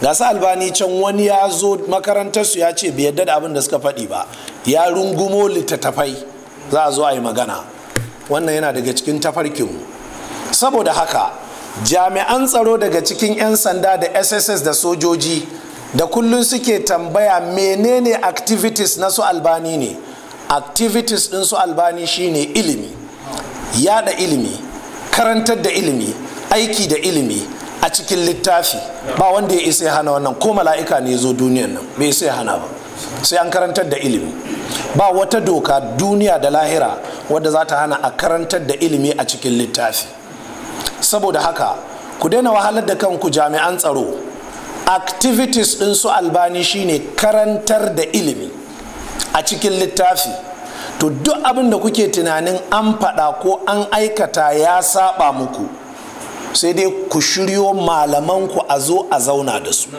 ga sa albani can wani ya zo makarantarsu ya ce bai yadda da abin da suka faɗi ba ya rungumo littattafai za a zo a yi magana wannan yana daga cikin tafarkinmu saboda haka jami'an tsaro daga cikin 'yan sanda da sss da sojoji da kullum suke tambaya menene activities na su albani ne activities din su albani shine ilimi yada ilimi karantar da ilimi aiki da ilimi a cikin littafi ba wanda ya isa hana wannan ko mala'ika ne zo duniyan nan bai isa hana ba sai an karantar da ilimi ba wata doka duniya da lahira wadda za ta hana a karantar da ilimi a cikin littafi saboda haka ku daina wahalar da kanku jami'an tsaro activities din su albani shine karantar da ilimi a cikin littafi to duk abin da kuke tunanin an faɗa ko an aikata ya saba muku sai dai ku shiryo malamanku a zo a zauna da su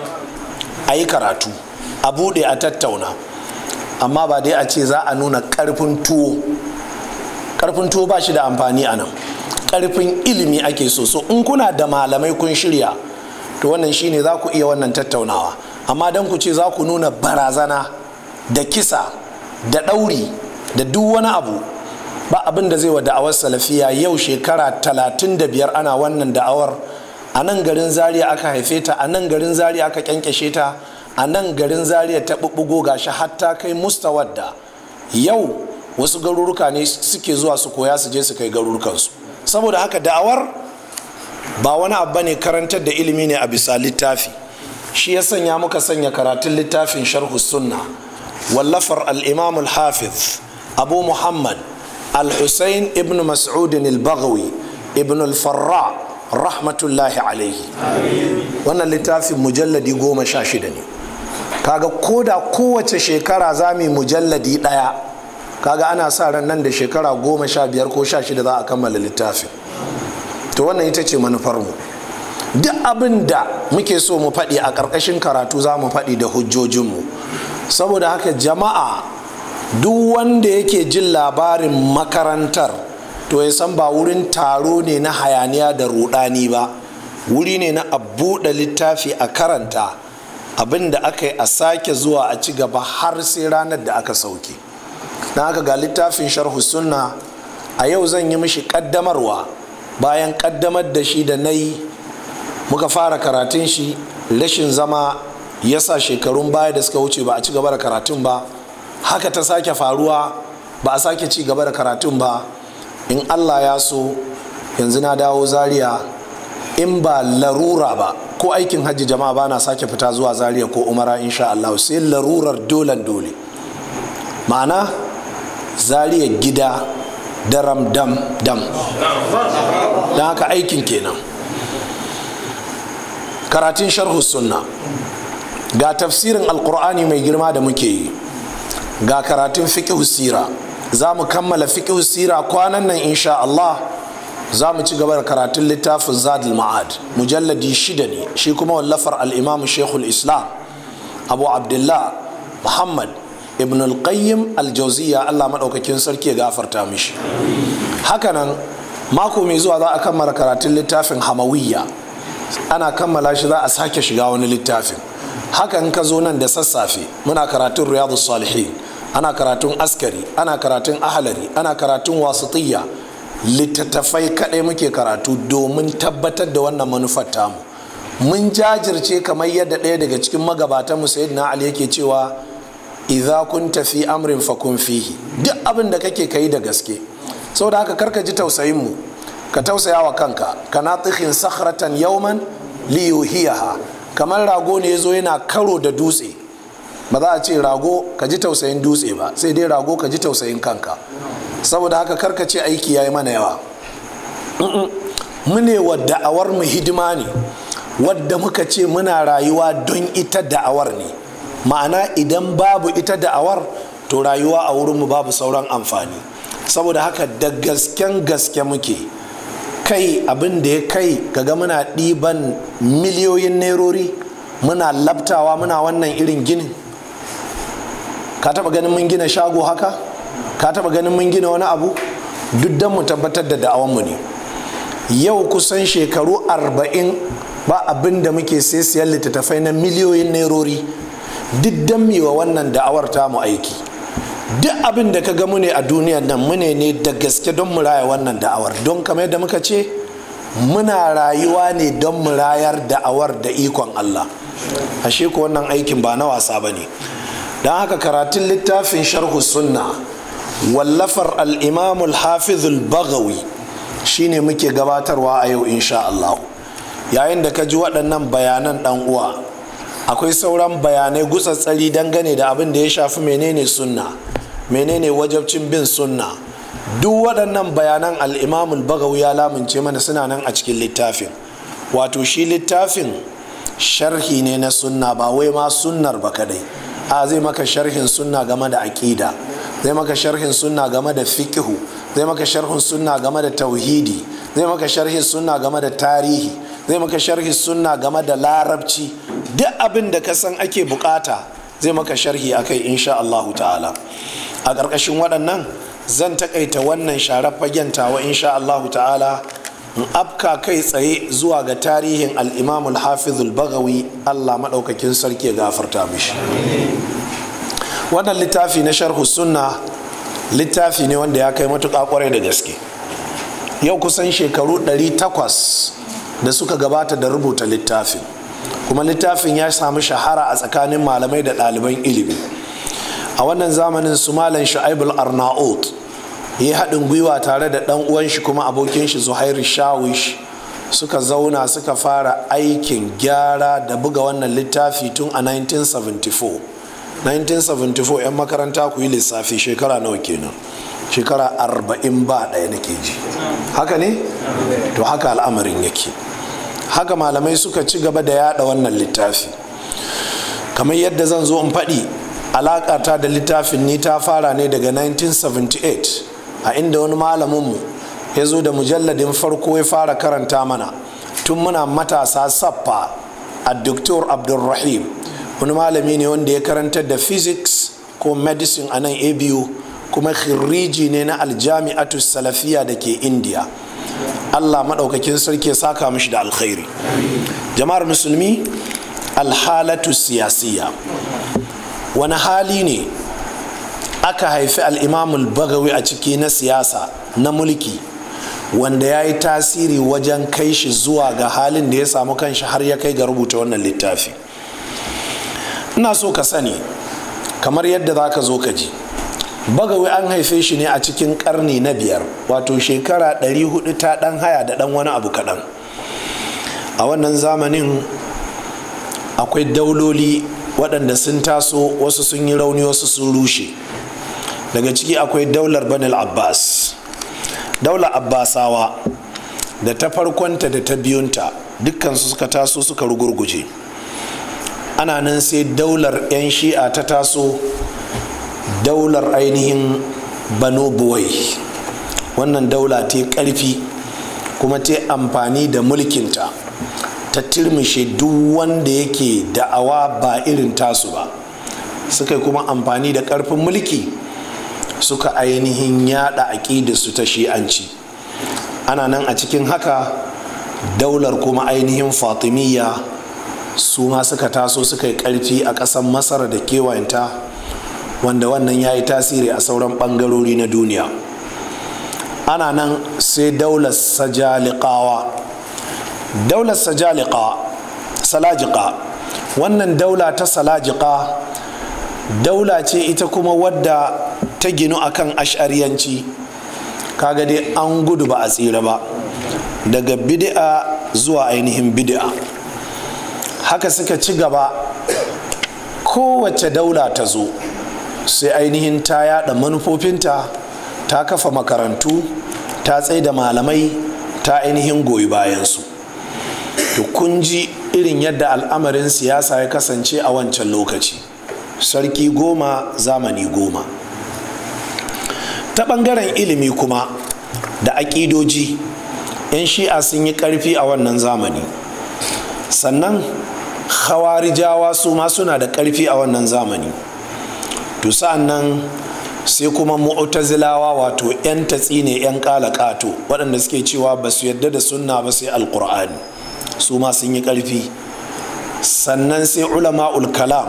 a yi karatu a bude a tattauna amma ba dai a ce za a nuna karfin tuwo ƙarfin tuwo ba shi da amfani a nan karfin ilimi ake so so in kuna da malamai kun shirya to wannan shine za ku iya wannan tattaunawa amma don ku ce za ku nuna barazana da kisa da ɗauri da duk wani abu ba abin da zai wa da'awar salafiya yau shekara talatin da biyar ana wannan da'awar a nan garin zaria aka haife ta a nan garin Zariya aka kyankyashe ta a nan garin Zariya ta bubbugo gashi hatta kai mustawar da yau wasu garuruka ne suke zuwa su koya su je su kai garurukansu saboda haka da'awar ba wani abu ne karantar da ilimi ne a bisa littafi shi ya sanya muka sanya karatun littafin sharhu sunna wallafar al-imam hafiz abu muhammad al ابن ibn البغوي ابن الفراء ibn al-farra rahmatullahi alaihi wannan littafin mujalladi goma sha shida ne kaga da kowace shekara za mu mujalladi ɗaya kaga ana sa ran nan da shekara goma sha biyar ko sha shida za a kammala littafin to wannan ita ce manufar mu duk abin da muke so mu faɗi a ƙarƙashin karatu za mu faɗi da hujjojinmu saboda haka jama'a duk wanda yake jin labarin makarantar to ya san ba wurin taro ne na hayaniya da rudani ba wuri ne na da littafi a karanta abin da aka yi a sake zuwa a ci gaba har sai ranar da aka sauke na aka ga littafin sharhu sunna a yau zan yi mishi kaddamarwa bayan kaddamar da shi da na yi muka fara karatun shi rashin zama ya sa shekarun baya da suka wuce ba a ci gaba da karatun ba haka ta sake faruwa ba a sake ci gaba da karatun ba in allah ya so yanzu na dawo zaria in ba larura ba ko aikin hajji jama'a ba na sake fita zuwa zaria ko umara insha allah sai larurar dolan dole ma'ana zaria gida daram dam dam don haka aikin kenan karatun sharhu sunna ga tafsirin alkur'ani mai girma da muke yi ga karatun fiqh sira za mu kammala fiqh sira kwanan nan insha Allah za mu ci gaba da karatun littafin zadul ma'ad mujalladi shida ne shi kuma wallafar al-imam shekul islam abu abdullah muhammad ibn al-qayyim al allah maɗaukakin sarki ya gafarta mishi hakanan mako mai zuwa za a kammala karatun littafin hamawiyya ana kammala shi za a sake shiga wani littafin hakan ka zo nan da sassafe muna karatun riyadu salihin ana karatun askari ana karatun ahalari ana karatun wasitiyya littattafai kaɗai muke karatu domin tabbatar da wannan manufar tamu mun jajirce kamar yadda ɗaya daga cikin magabata magabatanmu na ali yake cewa idza kunta fi amrin fa kun fihi duk abin da kake kai da gaske saboda haka kar ka ji tausayin mu ka tausaya wa kanka kana tihin sakhratan yawman li yuhiyaha kamar rago ne yazo yana karo da dutse ba za a ce rago ka ji tausayin dutse ba sai dai rago ka ji tausayin kanka saboda haka karka ce aiki ya yi mana yawa mune wa da'awar mu hidima ne wadda muka ce muna rayuwa don ita da'awar ne ma'ana idan babu ita da'awar to rayuwa a wurinmu babu sauran amfani saboda haka da gasken gaske muke kai abin da ya kai kaga muna ɗiban miliyoyin nerori muna labtawa muna wannan irin ginin ka taba ganin mun gina shago haka ka taba ganin mun gina wani abu duk don mu tabbatar da da'awanmu ne yau kusan shekaru arba'in ba abin da muke sai siyan littattafai na miliyoyin nairori duk don wa wannan da'awar ta mu aiki duk abin da ka ga mune a duniyar nan mune ne da gaske don mu raya wannan da'awar don kamar yadda muka ce muna rayuwa ne don mu rayar da'awar da ikon Allah ashe ko wannan aikin ba na wasa ba ne don haka karatun littafin sharhu sunna wallafar al'imamul hafizul bagawi shine muke gabatarwa a yau insha Allah yayin da ka ji waɗannan bayanan ɗan uwa akwai sauran bayanai gutsatsari dangane da abin da ya shafi menene sunna menene wajabcin bin sunna duk waɗannan bayanan al'imamul bagawi ya lamunce mana suna nan a cikin littafin wato shi littafin sharhi ne na sunna ba wai ma sunnar ba kadai a zai maka sharhin sunna game da aƙida zai maka sharhin sunna game da fikihu zai maka sharhin sunna game da tauhidi zai maka sharhin sunna game da tarihi zai maka sharhin sunna game da larabci duk abin da ka san ake bukata zai maka sharhi akai insha Allah ta'ala a ƙarƙashin waɗannan zan takaita wannan sharar fagen tawa insha Allah ta'ala in afka kai tsaye zuwa ga tarihin al'imamul hafizul bagawi allah maɗaukakin sarki ya gafarta mishi wannan littafi na sharhu sunna littafi ne wanda ya kai matuƙa ƙwarai da gaske yau kusan shekaru 800 da suka gabata da rubuta littafin kuma littafin ya samu shahara a tsakanin malamai da ɗaliban ilimi a wannan zamanin su malam sha'ibul arnaut yi haɗin gwiwa tare da ɗan uwan shi kuma abokin shi zuhair shawish suka zauna suka fara aikin gyara da buga wannan littafi tun a 1974 1974 'yan makaranta ku yi lissafi shekara nawa kenan shekara arba'in ba ɗaya nake ji haka ne to haka al'amarin yake haka malamai suka ci gaba da yada wannan littafi kamar yadda zan zo in faɗi alaƙata da littafin ni ta fara ne daga 1978 a inda wani malaminmu ya zo da mujalladin farko ya fara karanta mana tun muna matasa saffa a doktor abdulrahim wani malami ne wanda ya karantar da physics ko medicine a nan abu kuma khiriji ne na aljami'atu salafiya da ke india allah maɗaukakin sarki ya saka mishi da alkhairi jama'ar musulmi alhalatu siyasiyya. wani hali ne aka haifi al'imamul bagawi a ciki na siyasa na mulki wanda ya yi tasiri wajen kai shi zuwa ga halin da ya samu kanshi har ya kai ga rubuta wannan littafi ina so ka sani kamar yadda za ka zo ka ji bagawi an haife shi ne a cikin karni na biyar wato shekara 400 ta dan haya da dan wani abu kaɗan a wannan zamanin akwai dauloli waɗanda sun taso wasu sun yi rauni wasu sun rushe daga ciki akwai daular banil abbas daular abbasawa da ta farkonta da ta biyunta dukkansu suka taso suka rugurguje ana nan sai daular 'yan shi'a ta taso daular ainihin bano buwai wannan daula ta yi karfi kuma ta yi amfani da mulkinta ta tirmishe duk wanda yake da'awa ba irin tasu ba suka kuma amfani da karfin mulki suka ainihin yada su ta shi'anci ana nan a cikin haka daular kuma ainihin fatimiyya su ma suka taso suka yi ƙarfi a ƙasar masar da kewayenta wanda wannan ya yi tasiri a sauran ɓangarori na duniya ana nan sai daular sajaliƙawa daular sajaliƙa salajiƙa wannan daula ta salajiƙa daula ce ita kuma wadda ta ginu akan ash'ariyanci kaga dai an gudu ba a tsira ba daga bidi'a zuwa ainihin bidi'a haka suka ci gaba kowace daula ta zo sai ainihin ta yada manufofinta ta kafa makarantu ta tsaye da malamai ta ainihin goyi bayansu to kun ji irin yadda al'amarin siyasa ya kasance a wancan lokaci sarki goma zamani goma ta ɓangaren ilimi kuma da aƙidoji 'yan shi'a sun yi ƙarfi a wannan zamani sannan hawarijawa su ma suna da ƙarfi a wannan zamani to sa'an nan sai kuma mu'tazilawa wato 'yan tatsi ne 'yan ƙato waɗanda suke cewa ba su yadda da sunna ba sai alƙur'ani su ma sun yi ƙarfi sannan sai ulama'ul kalam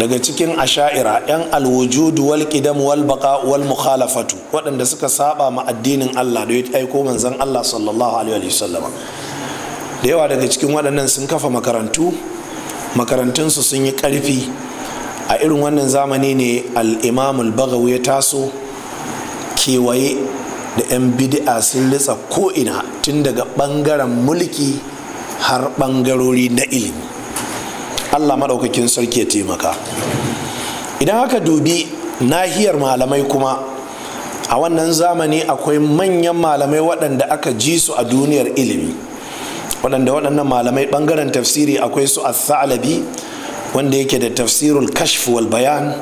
daga cikin asha'ira 'yan alwujudu wal kidam wal baka wal mukhalafatu waɗanda suka saba ma addinin Allah da ya aiko manzon Allah sallallahu alaihi wasallama da yawa daga cikin waɗannan sun kafa makarantu Makarantun su sun yi ƙarfi a irin wannan zamani ne al-imam ya taso kewaye da 'yan bid'a sun litsa ko'ina tun daga ɓangaren mulki har ɓangarori na ilimi allah maɗaukakin sarki ya taimaka idan aka dubi nahiyar malamai kuma a wannan zamani akwai manyan malamai waɗanda aka ji su a duniyar ilimi waɗanda waɗannan malamai ɓangaren tafsiri akwai su a thalabi wanda yake da tafsirul kashf wal bayan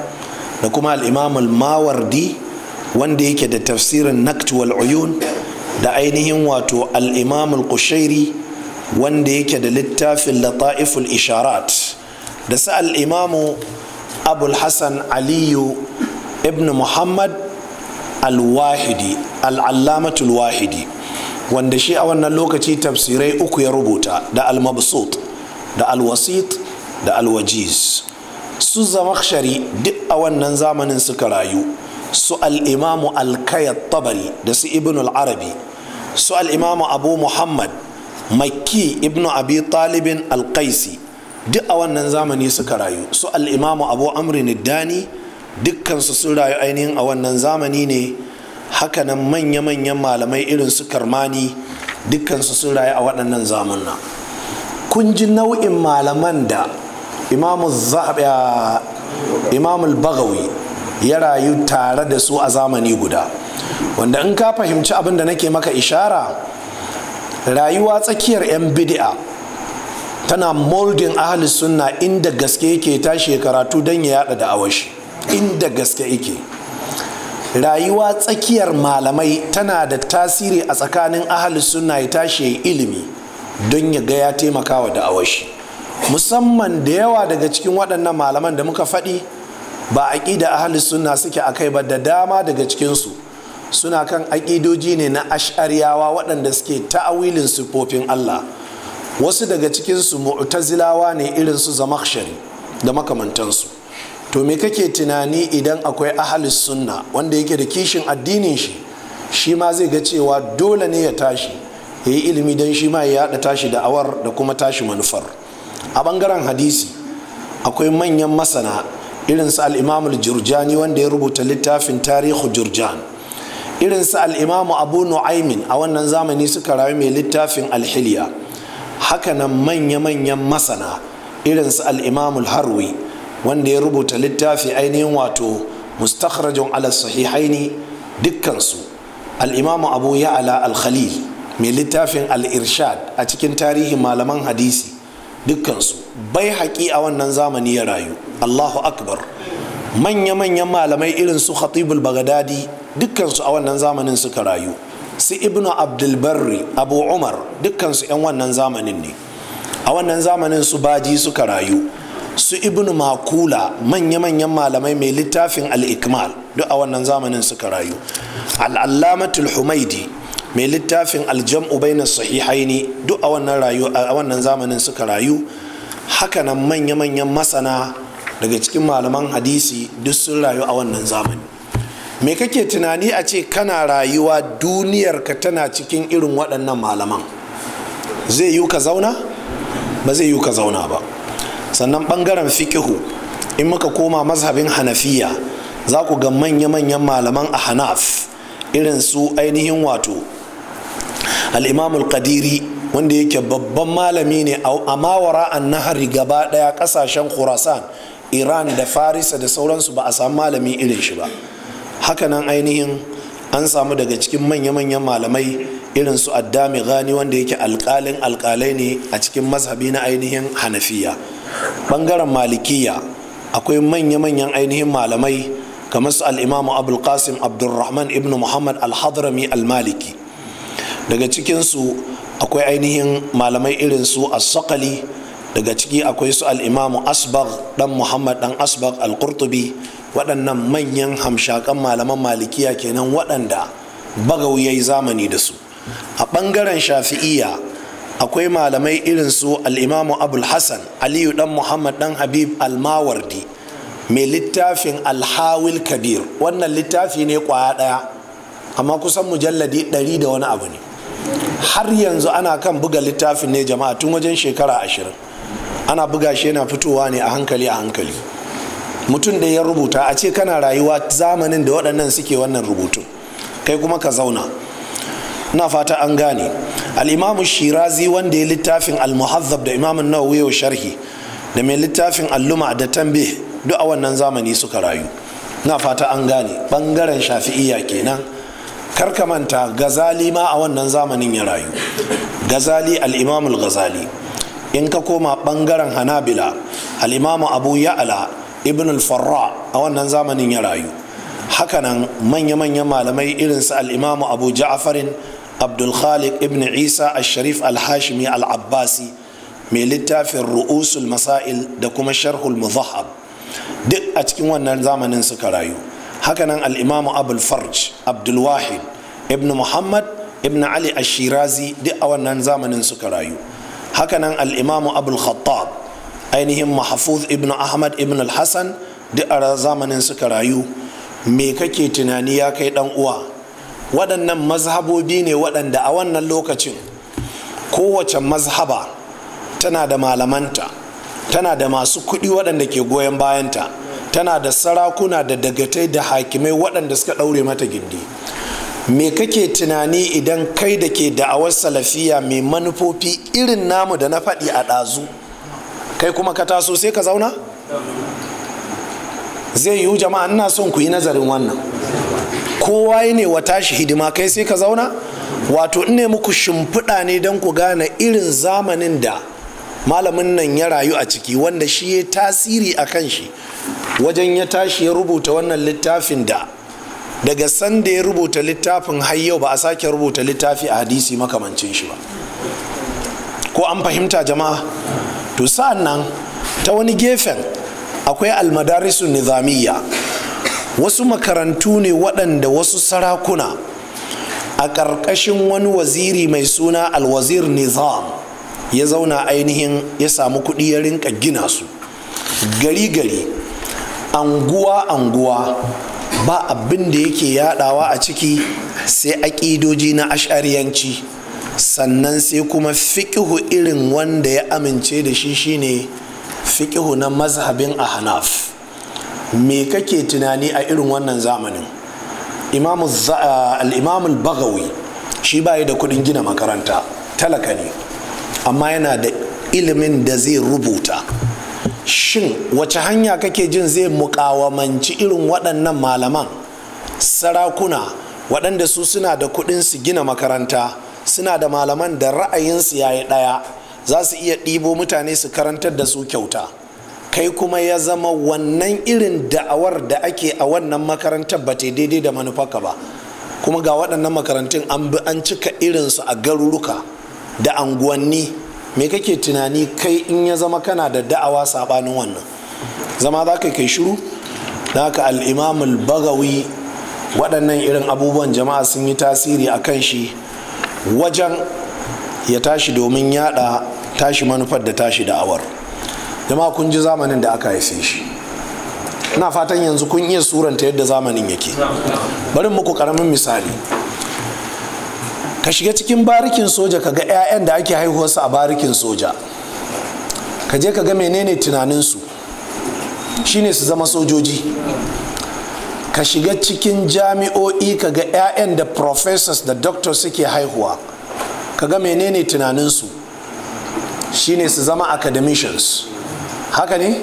da kuma al'imamul mawardi wanda yake da tafsirin nakt wal uyun da ainihin wato al'imamul kushairi wanda yake da littafin lata'iful isharat da su al'imamu abul hassan aliyu ibn muhammad al-wahidi al'allamatul wahidi wanda shi a wannan lokaci tafsirai uku ya rubuta da al-mabsut da al-wasit da al-wajiz su zamakshari duk a wannan zamanin suka rayu su al'imamu alkayat tabari da su ibn al-arabi su al'imamu abu muhammad makki ibn abi talibin alkaisi duk a wannan zamani suka rayu su al'imamu abu amri dani dukkansu sun rayu ainihin a wannan zamani ne hakanan manya-manyan malamai irin su karmani dukkansu sun rayu a waɗannan zamanna kun ji nau'in malaman da imamul bagawi ya rayu tare da su a zamani guda wanda in ka fahimci abin da nake maka ishara rayuwa tsakiyar 'yan bidi'a. tana moldin ahli sunna inda gaske yake tashi karatu don ya yada da inda gaske yake rayuwa tsakiyar malamai tana da tasiri a tsakanin ahli sunna ya tashi ilimi don ya gaya ya taimaka wa da musamman da yawa daga cikin waɗannan malaman da muka faɗi ba aƙida ahli sunna suke a kai ba da dama daga cikinsu suna kan aƙidoji ne na ash'ariyawa waɗanda suke ta'awilin siffofin allah wasu daga cikinsu mu'tazilawa ne irin su zamakshari da makamantansu to me kake tunani idan akwai ahalis sunna wanda yake da kishin addinin shi shi ma zai ga cewa dole ne ya tashi ya yi ilimi don shi ma ya yada tashi da awar da kuma tashi manufar a bangaren hadisi akwai manyan masana irin su al'imamul jurjani wanda ya rubuta littafin tarihu jurjan irin su al'imamu abu nu'aimin a wannan zamani suka rayu mai littafin alhiliya hakanan manya-manyan masana irin su al'imamul harwi wanda ya rubuta littafi ainihin wato mustakhrajun ala sahihaini dukkansu al'imamu abu ya'ala al-khalil mai littafin al-irshad a cikin tarihin malaman hadisi dukkansu bai haƙi a wannan zamani ya rayu allahu akbar manya-manyan malamai irin su khatibul bagadadi dukkansu a wannan zamanin suka rayu su ibnu abdulbarri abu umar dukkansu 'yan wannan zamanin ne a wannan zamanin su baji suka rayu su ibnu makula manya-manyan malamai mai littafin al duk a wannan zamanin suka rayu al'allamatul humaidi mai littafin aljam'u na sahihaini duk a wannan zamanin suka rayu hakanan manya-manyan masana daga cikin malaman hadisi duk sun rayu a wannan zamani me kake tunani a ce kana rayuwa duniyarka tana cikin irin waɗannan malaman zai yi ka zauna ba zai yi ka zauna ba sannan ɓangaren fikihu in muka koma mazhabin hanafiya za ku ga manya-manyan malaman a hanaf irin su ainihin wato al'imamul qadiri wanda yake babban malami ne a mawara an nahari gaba ɗaya ƙasashen khurasan iran da farisa da sauransu ba a samu malami irin shi ba hakanan ainihin an samu daga cikin manya-manyan malamai irin su addami gani wanda yake alkalin alkalai ne a cikin mazhabi na ainihin hanafiya bangaren malikiya akwai manya-manyan ainihin malamai kamar su al'imamu abul abdulrahman ibn muhammad al Almaliki. daga cikinsu akwai ainihin malamai irin su as daga ciki akwai su al'imamu asbagh dan muhammad dan asbagh al-qurtubi waɗannan manyan hamshakan malaman malikiya kenan waɗanda baga ya yi zamani da su a ɓangaren shafi'iya akwai malamai irin su al'imamu abul hassan aliyu ɗan muhammad ɗan habib almawardi mai littafin alhawil kabir wannan littafi ne kwaya ɗaya amma kusan mujalladi ɗari da wani abu ne har yanzu ana kan buga littafin ne jama'a tun wajen shekara ashirin ana buga shi yana fitowa ne a hankali a hankali mutum da ya rubuta a ce kana rayuwa zamanin da waɗannan suke wannan rubutu kai kuma ka zauna na fata an gane al'imamu shirazi wanda ya littafin al-muhazzab da imamun nawawi wa sharhi da mai littafin alluma da tambe duk a wannan zamani suka rayu na fata an gane bangaren shafi'iya kenan karkamanta manta gazali ma a wannan zamanin ya rayu gazali al-imamul gazali in ka koma bangaren hanabila al-imamu abu ya'ala ibn al-farra a wannan zamanin ya rayu hakanan manya-manyan malamai irin su al-imamu abu ja'farin abdul khaliq ibn isa al-sharif al-hashimi al-abbasi mai littafin ru'usul masail da kuma sharhul muzahab duk a cikin wannan zamanin suka rayu hakanan al-imamu abul farj abdul wahid ibn muhammad ibn ali ashirazi duk a wannan zamanin suka rayu hakanan al-imamu abul khattab ainihin mahfuz ibn ahmad ibn al-hassan duk a zamanin suka rayu me kake tunani ya kai dan uwa waɗannan mazhabobi ne waɗanda a wannan lokacin kowace mazhaba tana da malamanta tana da masu kuɗi waɗanda ke goyon bayanta tana da sarakuna da dagatai da hakimai waɗanda suka ɗaure mata gindi me kake tunani idan kai da ke da'awar salafiya mai manufofi irin namu da na faɗi a ɗazu kai kuma ka taso sai ka zauna zai yiwu jama'a ina son ku yi nazarin wannan kowa ne wa tashi hidima kai sai ka zauna wato ne muku shimfiɗa ne don ku gane irin zamanin da malamin nan ya rayu a ciki wanda shi ya tasiri a kan shi wajen ya tashi ya rubuta wannan littafin da daga sanda ya rubuta littafin har yau ba a sake rubuta littafi a hadisi makamancin shi ba ko an fahimta jama'a to sa'an ta wani gefen akwai almadarisu nizamiya wasu makarantu ne waɗanda wasu sarakuna a ƙarƙashin wani waziri mai suna alwazir nizam ya zauna ainihin ya samu kuɗi ya rinka gina su gari-gari anguwa-anguwa ba abin da yake yadawa a ciki sai aƙidoji na ash'ariyanci sannan sai kuma fiƙihu irin wanda ya amince da shi shine fiƙihu na mazhabin ahnaf me kake tunani a irin wannan zamanin ah, al bagawi shi baya da kudin gina makaranta talaka ne amma yana da ilimin da zai rubuta shin wace hanya kake jin zai mukawamanci irin waɗannan malaman sarakuna waɗanda su suna da kuɗin su gina makaranta suna da malaman da ra'ayinsu yayi ɗaya za su iya ɗibo mutane su karantar da su kyauta kai kuma ya zama wannan irin da'awar da ake a wannan makarantar ba ta daidai da manufarka ba kuma ga waɗannan makarantun an bi an cika irinsu a garuruka da anguwanni me kake tunani kai in ya zama kana da da'awa saɓanin wannan zama za ka kai shiru na ka al'imamul bagawi waɗannan irin abubuwan jama'a sun yi tasiri a kan shi wajen ya tashi domin yada tashi manufar da tashi da'awar jama kun ji zamanin da aka haife shi ina fatan yanzu kun iya suranta yadda zamanin yake bari muku karamin misali ka shiga cikin barikin soja ka ga 'ya'yan da ake haihuwarsu a barikin soja ka je ka ga menene tunaninsu shine su zama sojoji ka shiga cikin jami'o'i ka ga 'ya'yan da professors da doctors suke haihuwa ka ga menene tunaninsu shine su zama academicians haka ne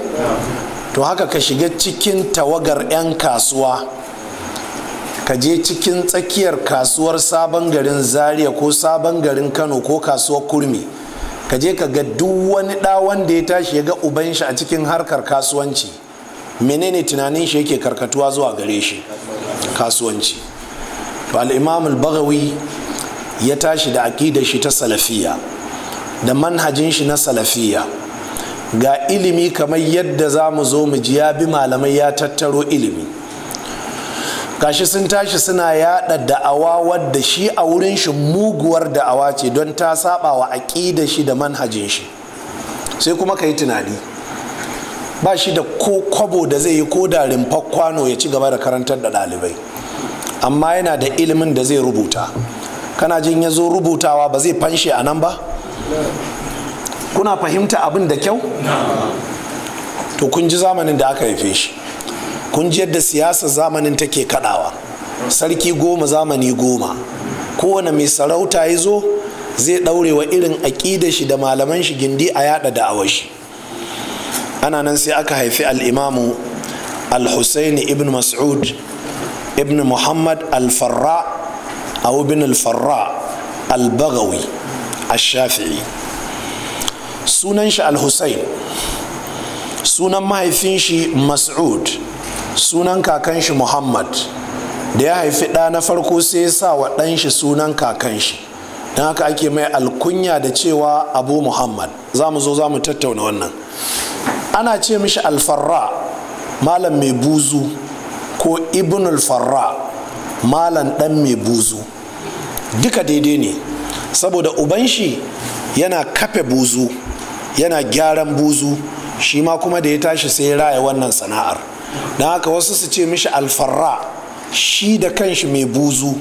to haka ka shiga cikin tawagar 'yan kasuwa ka je cikin tsakiyar kasuwar sabon garin zaria ko sabon garin kano ko kasuwar kurmi ka je ka ga duk wani ɗa wanda ya tashi ya ga uban shi a cikin harkar kasuwanci menene tunanin shi yake karkatuwa zuwa gare shi kasuwanci to al-imam al-baghawi ya tashi da aƙida shi ta salafiya da manhajin shi na salafiya ga ilimi kamar yadda za mu zo mu ji ya bi malamai ya tattaro ilimi gashi sun tashi suna yada da'awa wadda shi a wurin shi muguwar da'awa ce don ta saba wa aƙida shi da manhajin shi sai kuma ka yi tunani ba shi da ko kwabo da zai yi ko da rimfar kwano ya ci gaba da karantar da ɗalibai amma yana da ilimin da zai rubuta kana jin ya zo rubutawa ba zai fanshe a nan ba kuna fahimta abin da kyau to kun ji zamanin da aka haife shi kun ji yadda siyasar zamanin take kadawa sarki goma zamani goma kowane mai sarauta ya zo zai ɗaurewa irin aƙidar shi da malaman shi gindi a yada da awashi. shi ana nan sai aka haifi al'imamu al-husaini ibn mas'ud ibn muhammad al-farra abu bin al-farra al-bagawi al-shafi'i sunan shi al-husain sunan mahaifin shi mas'ud sunan kakan shi muhammad da ya haifi ɗa na farko sai ya sa wa ɗan shi sunan kakan shi don haka ake mai alkunya da cewa abu muhammad za mu zo za mu tattauna wannan ana ce mishi alfarra malam mai buzu ko ibn alfarra malam dan mai buzu duka daidai ne saboda uban shi yana kafe buzu yana gyaran buzu shi ma kuma da ya tashi sai raya wannan sana'ar don haka wasu su ce mishi alfarra shi da kanshi mai buzu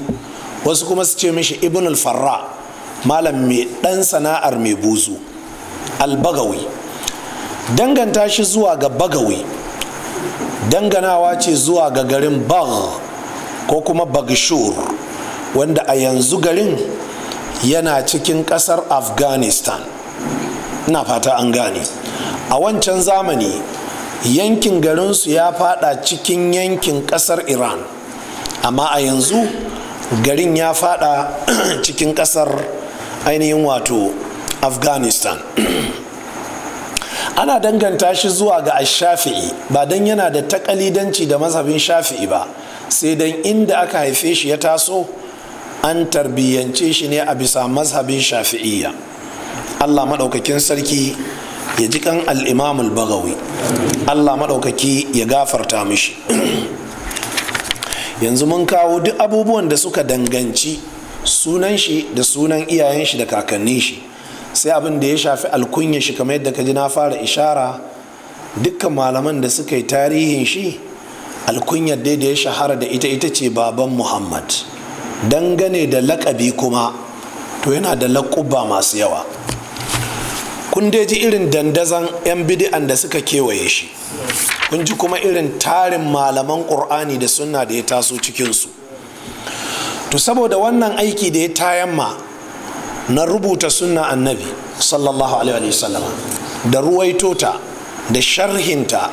wasu kuma su ce mishi ibn alfarra malam mai dan sana'ar mai buzu albagawi danganta shi zuwa ga bagawi danganawa ce zuwa ga garin bag ko kuma bagshur wanda a yanzu garin yana cikin kasar afghanistan na fata an gane a wancan zamani yankin garinsu ya fada cikin yankin kasar iran amma a yanzu garin ya fada cikin kasar ainihin wato afghanistan ana danganta shi zuwa ga ashafi'i ba don yana da takalidanci da mazhabin shafi'i ba sai don inda aka haife shi ya taso an tarbiyyance shi ne a bisa mazhabin shafi'iya. allah maɗaukakin sarki ya ji kan al'imamul bagawi allah maɗaukaki ya gafarta mishi yanzu mun kawo duk abubuwan da suka danganci sunan shi da sunan iyayen shi da kakannin shi sai abin da ya shafi alkunya shi kamar yadda ka ji na fara ishara dukkan malaman da suka yi tarihin shi alkunyar dai da ya shahara da ita ita ce baban muhammad dangane da lakabi kuma to yana da laƙuba masu yawa kun dai ji irin dandazan 'yan bidi'an da suka kewaye shi kun ji kuma irin tarin malaman ƙur'ani da sunna da ya taso cikinsu to saboda wannan aiki da ya ta yamma. na rubuta sunna annabi sallallahu alaihi wasallama da ruwaitota da sharhinta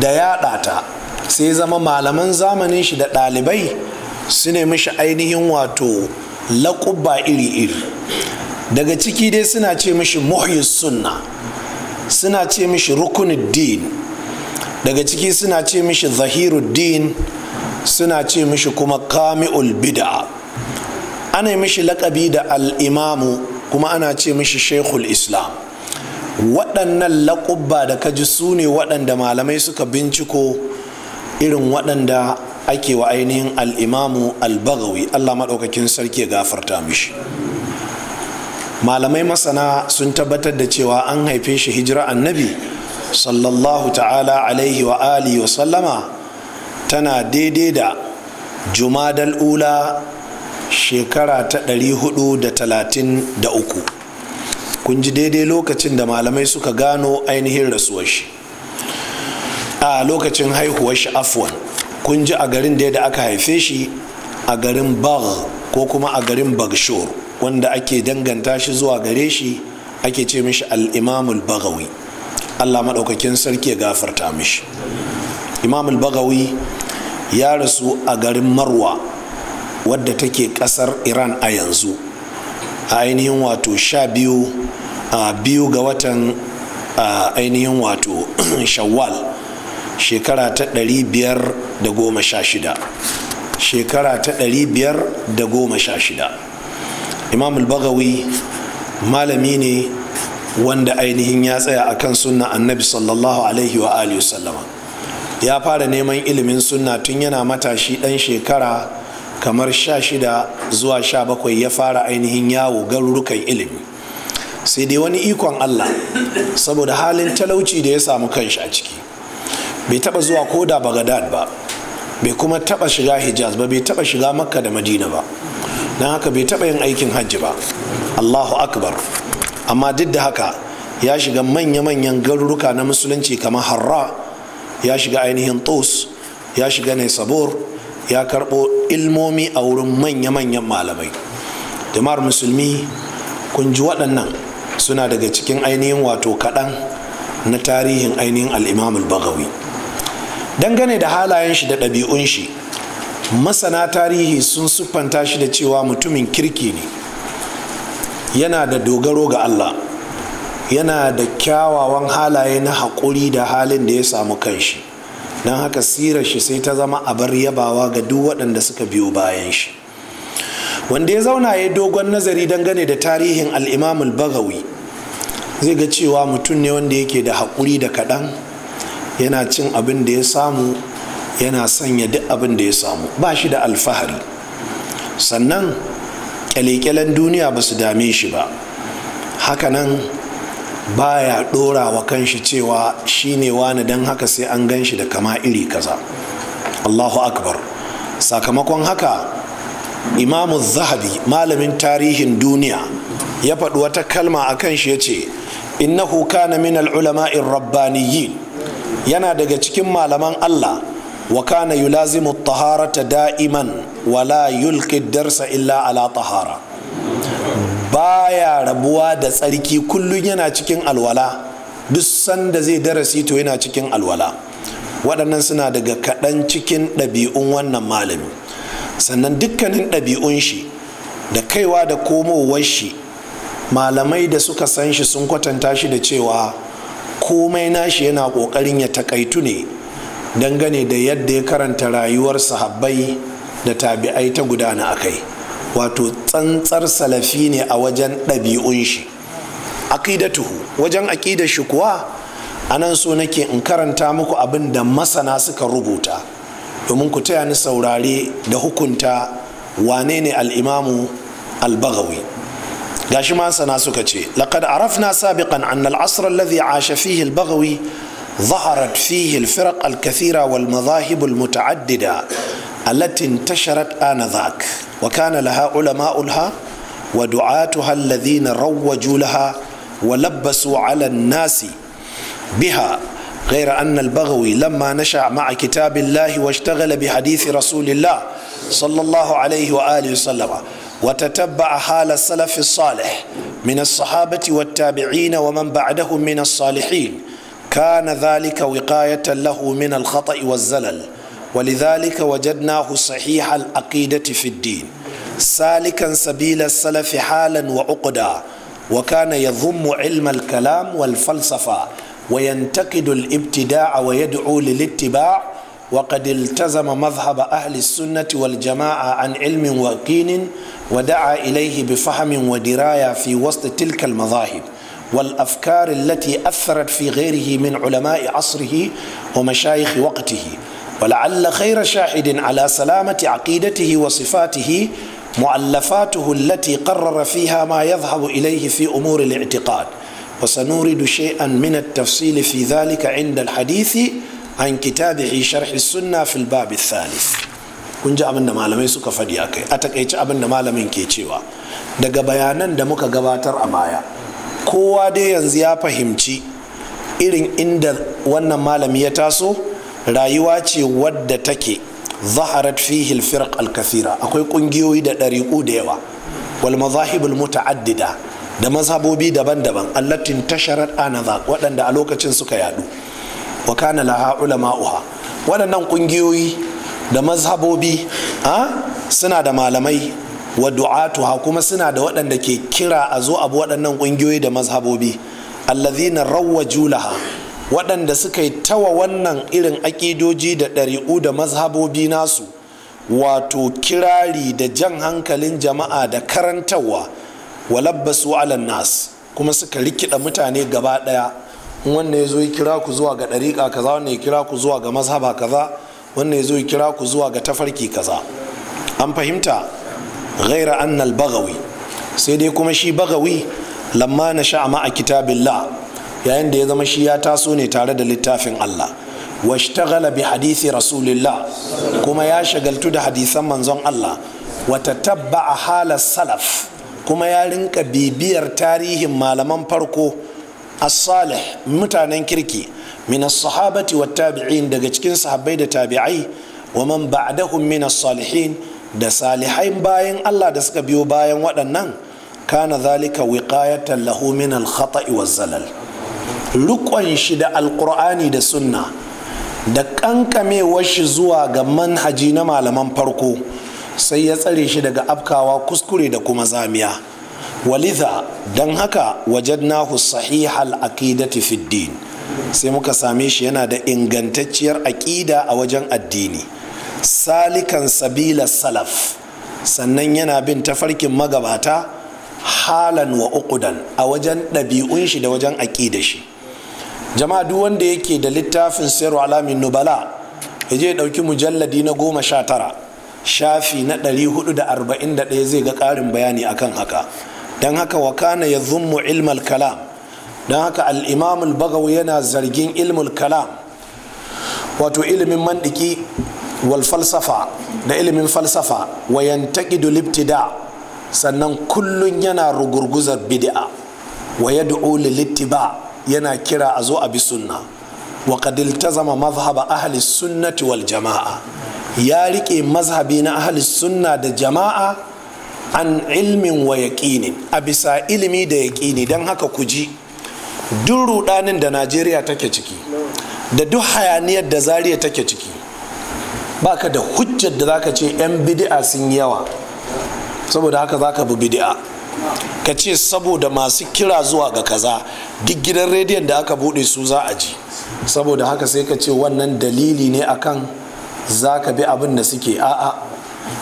da yaɗa ta sai zama malaman zamanin shi da ɗalibai su ne mishi ainihin wato laƙubba iri-iri daga ciki dai suna ce mishi muhyis sunna suna ce mishi rukunuddin daga ciki suna ce mishi zahiruddin suna ce mishi kuma kami'ul bid'a ana mishi lakabi da al'imamu kuma ana ce mishi shekul islam waɗannan laƙubba da kaji su ne waɗanda malamai suka binciko irin waɗanda ake wa ainihin al'imamu albagawi allah maɗaukakin sarki ya gafarta mishi malamai masana sun tabbatar da cewa an haife shi hijira annabi sallallahu ta'ala alaihi wa alihi wa sallama tana daidai da jumadal ula shekara ta ɗari da da talatin uku kun ji daidai lokacin da malamai suka gano ainihin rasuwar shi a lokacin haihuwar shi afwan kun ji a garin da aka haife shi a garin bagh ko kuma a garin bagshor wanda ake danganta shi zuwa gare shi ake ce mishi al'imamul bagawi allah maɗaukakin sarki ya gafarta mishi imamul bagawi ya rasu a garin marwa wadda take kasar iran a yanzu a ainihin wato sha biyu a biyu ga watan ainihin wato shawwal shekara ta ɗari biyar da goma sha shida shekara ta ɗari biyar da goma sha shida imam bagawi malami ne wanda ainihin ya tsaya a kan sunna annabi sallallahu alaihi wa alihi sallama ya fara neman ilimin sunna tun yana matashi ɗan shekara kamar sha shida zuwa sha bakwai ya fara ainihin yawo garurukan ilimi sai dai wani ikon allah saboda halin talauci da ya samu kanshi a ciki bai taba zuwa koda bagadad ba bai kuma taba shiga hijaz ba bai taba shiga makka da madina ba don haka bai taba yin aikin hajji ba allahu akbar amma duk da haka ya shiga manya-manyan garuruka na musulunci kamar harra ya shiga ainihin tos ya shiga sabor ya karbo ilmomi a wurin manya-manyan malamai jama'ar musulmi kun ji waɗannan suna daga cikin ainihin wato kaɗan na tarihin ainihin al'imamul bagawi dangane da halayen shi da ɗabi'un shi masana tarihi sun siffanta shi da cewa mutumin kirki ne yana da dogaro ga allah yana da kyawawan halaye na haƙuri da halin da ya samu kanshi don haka sirar shi sai ta zama abar yabawa ga duk waɗanda suka biyo bayan shi wanda ya zauna ya dogon nazari dangane da tarihin al'imamul bagawi zai ga cewa mutum ne wanda yake da haƙuri da kaɗan yana cin abin da ya samu yana sanya duk abin da ya samu ba shi da alfahari sannan kyale-kyalen duniya ba su dame shi ba hakanan baya dora wa kanshi cewa shine wani dan haka sai an gan shi da kama iri kaza allahu akbar sakamakon haka imamu zahabi malamin tarihin duniya ya faɗi wata kalma a kan shi ya ce innahu kana min al'ulama'in rabbaniyin yana daga cikin malaman allah wa kana yulazimu taharata da'iman wala yulki darsa illa ala tahara baya rabuwa da tsarki kullum yana cikin alwala duk sanda zai darasi to yana cikin alwala waɗannan suna daga kaɗan cikin ɗabi'un wannan malami sannan dukkanin ɗabi'un shi da kaiwa da komowar shi malamai da suka san shi sun kwatanta shi da cewa komai nashi yana ƙoƙarin ya takaitu ne dangane da yadda ya karanta rayuwar sahabbai da tabi'ai ta gudana a kai wato tsantsar salafi ne a wajen ɗabi'un shi aƙidatuhu wajen aƙidar shi kuwa a nan so nake in karanta muku abin da masana suka rubuta domin ku taya ni saurare da hukunta wane ne al'imamu albagawi? baghawi gashi masana suka ce laqad arafna sabiqan anna al-asr alladhi asha fihi ظهرت فيه الفرق الكثيرة والمذاهب المتعددة التي انتشرت آنذاك وكان لها علماؤها ودعاتها الذين روجوا لها ولبسوا على الناس بها غير أن البغوي لما نشأ مع كتاب الله واشتغل بحديث رسول الله صلى الله عليه وآله وسلم وتتبع حال السلف الصالح من الصحابة والتابعين ومن بعدهم من الصالحين كان ذلك وقاية له من الخطأ والزلل ولذلك وجدناه صحيح العقيدة في الدين سالكا سبيل السلف حالا وعقدا وكان يضم علم الكلام والفلسفة وينتقد الابتداع ويدعو للاتباع وقد التزم مذهب أهل السنة والجماعة عن علم وقين ودعا إليه بفهم ودراية في وسط تلك المذاهب والافكار التي اثرت في غيره من علماء عصره ومشايخ وقته ولعل خير شاهد على سلامه عقيدته وصفاته مؤلفاته التي قرر فيها ما يذهب اليه في امور الاعتقاد وسنورد شيئا من التفصيل في ذلك عند الحديث عن كتابه شرح السنه في الباب الثالث kun ji abin da malamai suka faɗi a a takaici abin da malamin ke cewa daga bayanan da muka gabatar a baya kowa dai yanzu ya fahimci irin inda wannan malami ya taso rayuwa ce wadda take zaharat fihi al alkathira akwai kungiyoyi da ɗariƙu da yawa wal mazahibul muta'addida da mazhabobi daban-daban allatin tasharat anaza waɗanda a lokacin suka yadu wa kana laha ulama'uha waɗannan kungiyoyi da mazhabobi ah, suna da malamai wa du'atuha kuma suna da waɗanda ke kira a zo abu waɗannan ƙungiyoyi da mazhabobi allazina rawwa julaha. waɗanda suka yi tawa wannan irin aƙidoji da ɗari'u da mazhabobi nasu wato kirari da jan hankalin jama'a da karantarwa walabbasu alan nas kuma suka rikida mutane gaba ɗaya wannan ya zo ya kira ku zuwa ga ɗariƙa kaza wannan ya kira ku zuwa ga mazhaba kaza wannan ya zo ya kira ku zuwa ga tafarki kaza an fahimta ghaira annal bagawi sai dai kuma shi bagawi lamma na sha'a ma'a kitabillah yayin da ya zama shi ya taso ne tare da littafin Allah wa ishtaghala bi hadisi rasulillah kuma ya shagaltu da hadisan manzon Allah wa a halar salaf kuma ya rinka bibiyar tarihin malaman farko as-salih mutanen kirki min as-sahabati wat tabi'in daga cikin sahabbai da tabi'ai wa man ba'dahum min as-salihin da salihai bayan Allah da suka biyo bayan waɗannan kana zalika wiqayatan lahu min al-khata'i zalal rukon shi da Alƙur'ani da sunna da kankamewar shi zuwa ga manhaji na malaman farko sai ya tsare shi daga afkawa kuskure da kuma zamiya walitha don haka wajen Nahu, sahihal aqidati fid din sai muka same shi yana da ingantacciyar aƙida a wajen addini salikan sabila salaf sannan yana bin tafarkin magabata halan wa uqudan a wajen ɗabi'un shi da wajen aƙida shi jama'a duk wanda yake da littafin sayar alamin nubala ya je ɗauki mujalladi na goma sha tara shafi na ɗari hudu da arba'in da ɗaya zai ga ƙarin bayani akan haka don haka wakana ya zummu ilmal kalam don haka al'imamul bagawu yana zargin ilmul kalam wato ilimin mandiki wal falsafa da ilimin falsafa wayan yantaqidu libtida sannan kullum yana rugurguzar bid'a wa yad'u lilittiba yana kira a zo a bi sunna wa qad iltazama mazhaba ahli sunnati wal jama'a ya rike mazhabi na ahli sunna da jama'a an ilmin wa yaqinin a bisa ilimi da yaqini dan haka ku ji duk rudanin da Najeriya take ciki da duk hayaniyar da zariya take ciki baka da hujjar da zaka ce yan bidi'a sun yawa saboda haka zaka bi bidi'a. ka ce saboda masu kira zuwa ga kaza duk gidan rediyon da aka bude su za a ji saboda haka sai ka ce wannan dalili ne akan za ka bi abin da suke a'a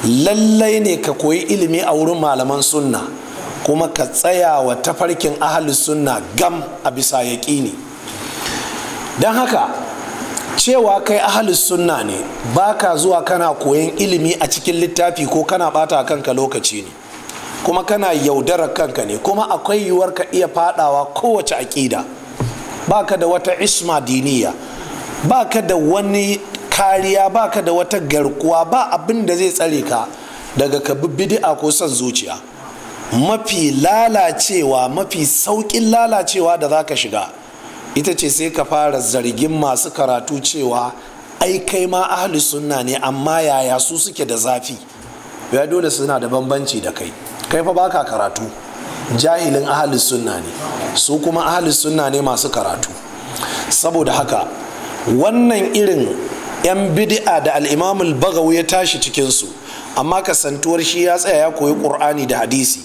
lallai ne ka koyi ilimi a wurin malaman sunna kuma ka tsaya wa tafarkin ahalus sunna gam a bisa yaƙini don haka cewa kai ahalus sunna ne baka zuwa kana koyan ilimi a cikin littafi ko kana bata a kanka lokaci ne kuma kana yaudara kanka ne kuma akwai yiwuwar ka iya fadawa kowace aƙida baka da wata isma diniya baka da wani kariya baka da wata garkuwa ba abin da zai tsare ka daga ka bid'a ko son zuciya mafi lalacewa mafi saukin lalacewa da za ka shiga ita ce sai ka fara zargin masu karatu cewa ai kai ma ahli sunna ne amma yaya su suke da zafi ya dole suna da bambanci da kai kai fa baka karatu jahilin ahli sunna ne su kuma ahli sunna ne masu karatu saboda haka wannan irin 'yan bid'a da al'imamul bagawu ya tashi cikinsu amma kasantuwar shi ya tsaya ya koyi ƙur'ani da hadisi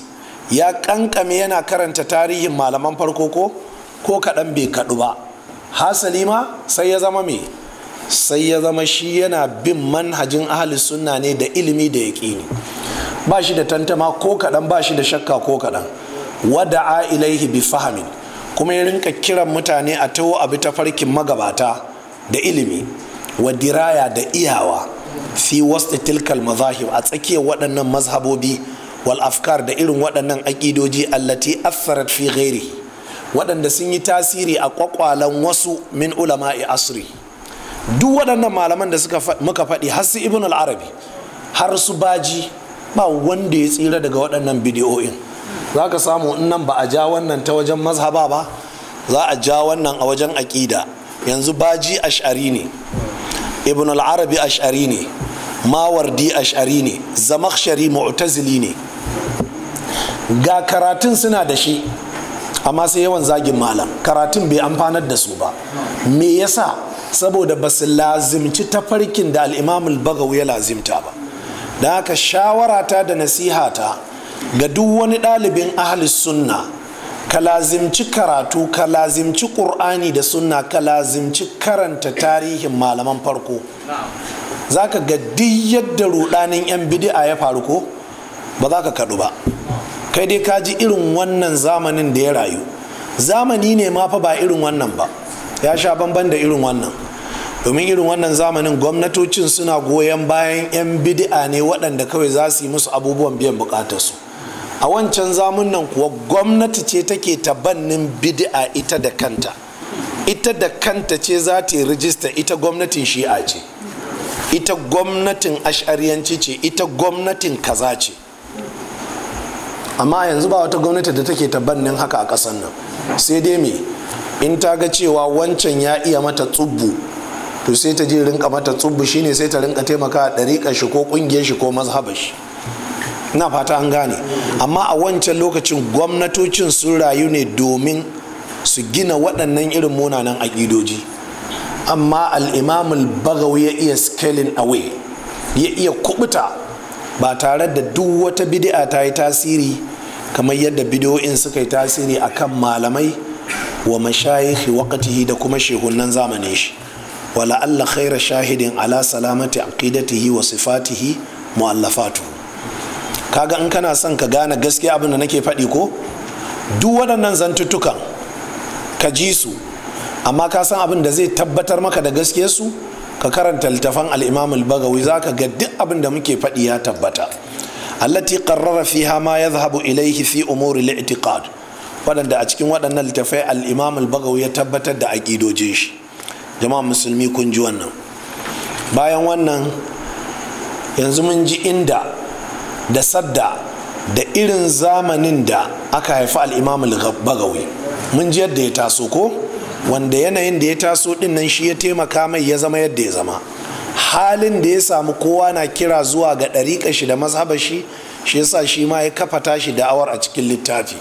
ya kankame yana karanta tarihin malaman farko ko ko kaɗan bai kaɗu ba hasali ma sai ya zama me sai ya zama shi yana bin manhajin ahli sunna ne da ilimi da yaƙini ba shi da tantama ko kaɗan ba shi da shakka ko kaɗan a ilaihi bi fahamin kuma ya rinka kiran mutane a tawo abi ta farkin magabata da ilimi wa diraya da iyawa fi wasu tilkal mazahib a tsakiyar waɗannan mazhabobi wal afkar da irin waɗannan aƙidoji allati affarat fi ghairihi waɗanda sun yi tasiri a ƙwaƙwalen wasu min ulama'i asri duk waɗannan malaman da suka muka faɗi har su ibn al har su baji ba wanda ya tsira daga waɗannan bidiyo'in za ka samu in nan ba a ja wannan ta wajen mazhaba ba za a ja wannan a wajen aƙida yanzu baji ash'ari ne ibn al-arabi ash'ari ne mawardi ash'ari ne zamakshari mu'tazili ne ga karatun suna da shi amma sai yawan zagin malam karatun bai amfanar da su ba me yasa saboda ba su lazimci tafarkin da al'imamul bagaw ya lazimta ba da haka shawarata da nasihata ga duk wani ɗalibin ahalis sunna ka lazimci karatu ka lazimci ƙur'ani da sunna ka lazimci karanta tarihin malaman farko za ka ga yadda rudanin 'yan bidi'a ya faru ko ba za ka kaɗu ba kai dai ka ji irin wannan zamanin da ya rayu zamani ne ma fa ba irin wannan ba ya sha bamban da irin wannan domin irin wannan zamanin gwamnatocin suna goyon bayan 'yan bidi'a ne waɗanda kawai za su yi musu abubuwan biyan su. a wancan zamunan kuwa gwamnati ce take tabannin bid'a ita da kanta ita da kanta ce za ta yi rijista ita gwamnatin shi'a ce ita gwamnatin ashariyanci ce ita gwamnatin kaza ce amma yanzu ba wata gwamnati da take tabannin haka a ƙasar nan sai dai me in ta ga cewa wancan ya iya mata tsubbu to sai ta je rinka mata tsubbu shine sai ta rinka taimaka a ɗariƙa shi ko ƙungiyar shi ko mazhabar shi na fata an gane amma a wancan lokacin gwamnatocin sun rayu ne domin su gina waɗannan irin munanan aƙidoji amma al'imamul bagawi ya iya scaling away ya iya kubuta ba tare da duk wata bidi'a ta yi tasiri kamar yadda bidiyo'in suka yi tasiri akan malamai wa mashayikhi wakatihi da kuma shehunan zamani shi wala Allah khaira shahidin ala salamati aqidatihi wa sifatihi muallafatu kaga in kana son ka gane gaskiya abin da nake faɗi ko duk waɗannan zantuttukan ka ji su amma ka san abin da zai tabbatar maka da gaskiyarsu su ka karanta littafan al-imam al-bagawi zaka ga duk abin da muke faɗi ya tabbata allati qarrara fiha ma yadhhabu ilayhi fi umuri al-i'tiqad wadanda a cikin waɗannan littafai al-imam al-bagawi ya tabbatar da aqidojin shi jama'a musulmi kun ji wannan bayan wannan yanzu mun ji inda da sadda da irin zamanin da aka haifi al-imam al-bagawi mun ji yadda ya taso ko wanda yanayin da ya taso din nan shi ya taimaka mai ya zama yadda ya zama halin da ya samu kowa na kira zuwa ga ɗariƙa shi da mazhabar shi shi yasa shi ma ya kafa tashi da'awar a cikin littafi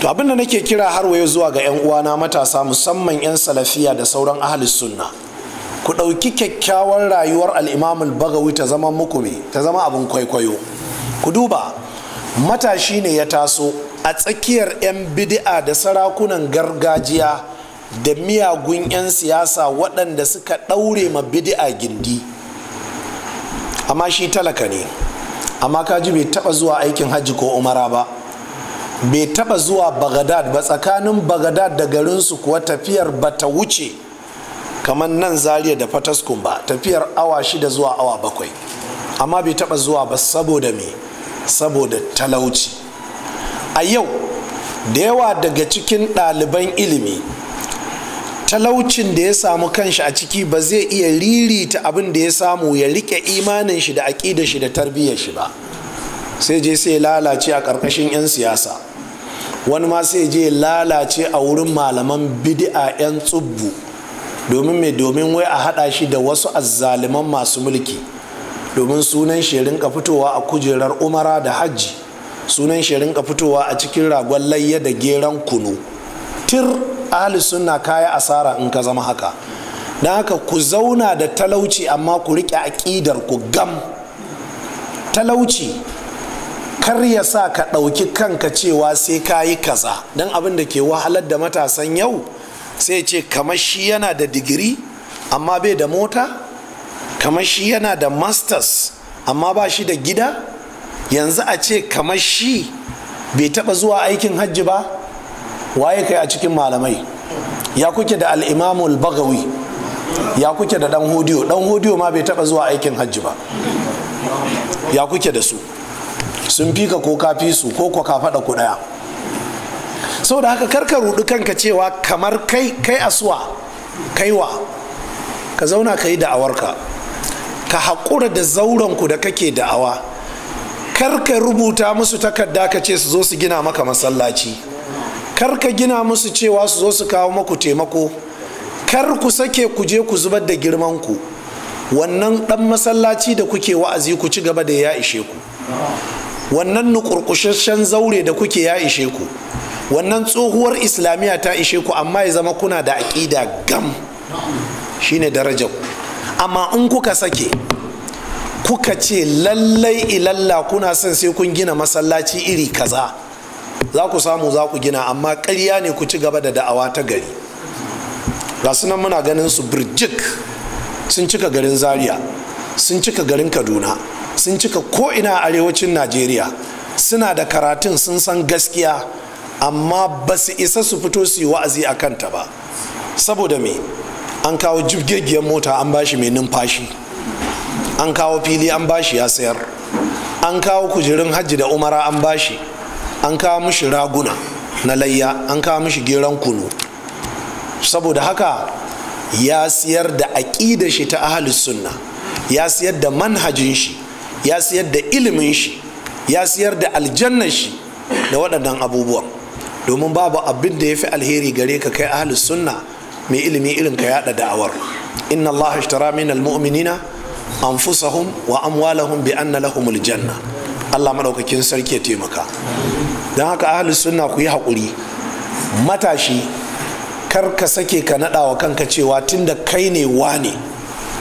to abinda nake kira har wayo zuwa ga 'yan uwana matasa musamman 'yan salafiya da sauran ahli sunna ku ɗauki kyakkyawar rayuwar al'imamul bagawi ta zama mukumi ta zama abin kwaikwayo ku duba matashi ne ya taso a tsakiyar 'yan bid'a da sarakunan gargajiya da miyagun 'yan siyasa waɗanda suka ɗaure ma bid'a gindi amma shi talaka ne amma kaji bai taɓa zuwa aikin hajji ko umara ba bai taɓa zuwa bagadad ba tsakanin bagadad da garinsu kuwa tafiyar bata wuce kamar nan zariya da fataskun ba tafiyar awa shida zuwa awa bakwai amma bai taɓa zuwa ba saboda me saboda talauci a yau da yawa daga cikin ɗaliban ilimi talaucin da ya samu kanshi a ciki ba zai iya ririta abin da ya samu ya rike imanin shi da aƙida shi da tarbiyyar shi ba sai je sai lalace a ƙarƙashin 'yan siyasa wani ma sai je lalace a wurin malaman bidi'a 'yan tsubbu domin mai domin wai a haɗa shi da wasu azzaliman masu mulki domin sunan shi rinka fitowa a kujerar umara da hajji sunan shi rinka fitowa a cikin ragon layya da geran kunu tir ahli sunna kaya asara in ka zama haka don haka ku zauna da talauci amma ku riƙe aƙidar ku gam talauci kar ya sa ka ɗauki kanka cewa sai ka yi kaza don abin da ke wahalar da matasan yau sai ce kamar shi yana da digiri amma bai da mota kamar shi yana da masters amma ba shi da gida yanzu a ce kamar shi bai taɓa zuwa aikin hajji ba waye kai a cikin malamai ya kuke da al'imamul bagawi ya kuke da dan hodiyo dan hodiyo ma bai taba zuwa aikin hajji ba ya kuke da su sun fika ko ka fi su ko ko ka faɗa ku ɗaya saboda haka karka rudu kanka cewa kamar kai kai asuwa kaiwa ka zauna ka yi da'awarka ka haƙura da zauren ku da kake da'awa karka rubuta musu takarda ka ce su zo su gina maka masallaci kar ka gina musu cewa su zo su kawo maku taimako kar ku sake ku je ku zubar da girman ku wannan dan masallaci da kuke wa'azi ku ci gaba da ya ishe ku wannan nukurkushashen zaure da kuke ya ishe ku wannan tsohuwar islamiyya ta ishe ku amma ya zama kuna da aƙida gam shine darajar ku amma in kuka sake kuka ce lallai ilalla kuna son sai kun gina masallaci iri kaza za ku samu za ku gina amma karya ne ku ci gaba da da'awa ta gari ga nan muna ganin su birjik sun cika garin zaria sun cika garin kaduna sun cika ko'ina a arewacin najeriya suna da karatun sun san gaskiya amma ba su isa su fito su yi wa'azi a kanta ba saboda me an kawo jirgin mota an bashi mai numfashi an kawo fili an bashi ya sayar an kawo kujerun hajji da umara an bashi an kawo mishi raguna na layya an kawo mishi geron kunu saboda haka ya siyar da aƙida shi ta ahalus sunna ya siyar da manhajin shi ya siyar da ilimin shi ya siyar da aljannar shi da waɗannan abubuwan domin babu abin da ya fi alheri gare ka kai ahalus sunna mai ilimi irin ka yaɗa da'awar inna allaha ishtara min almu'minina anfusahum wa amwalahum bi anna lahumul janna Allah madaukakin sarki ya taimaka don haka ahli sunna ku yi haƙuri matashi kar ka sake ka naɗa wa kanka cewa tunda kai ne wane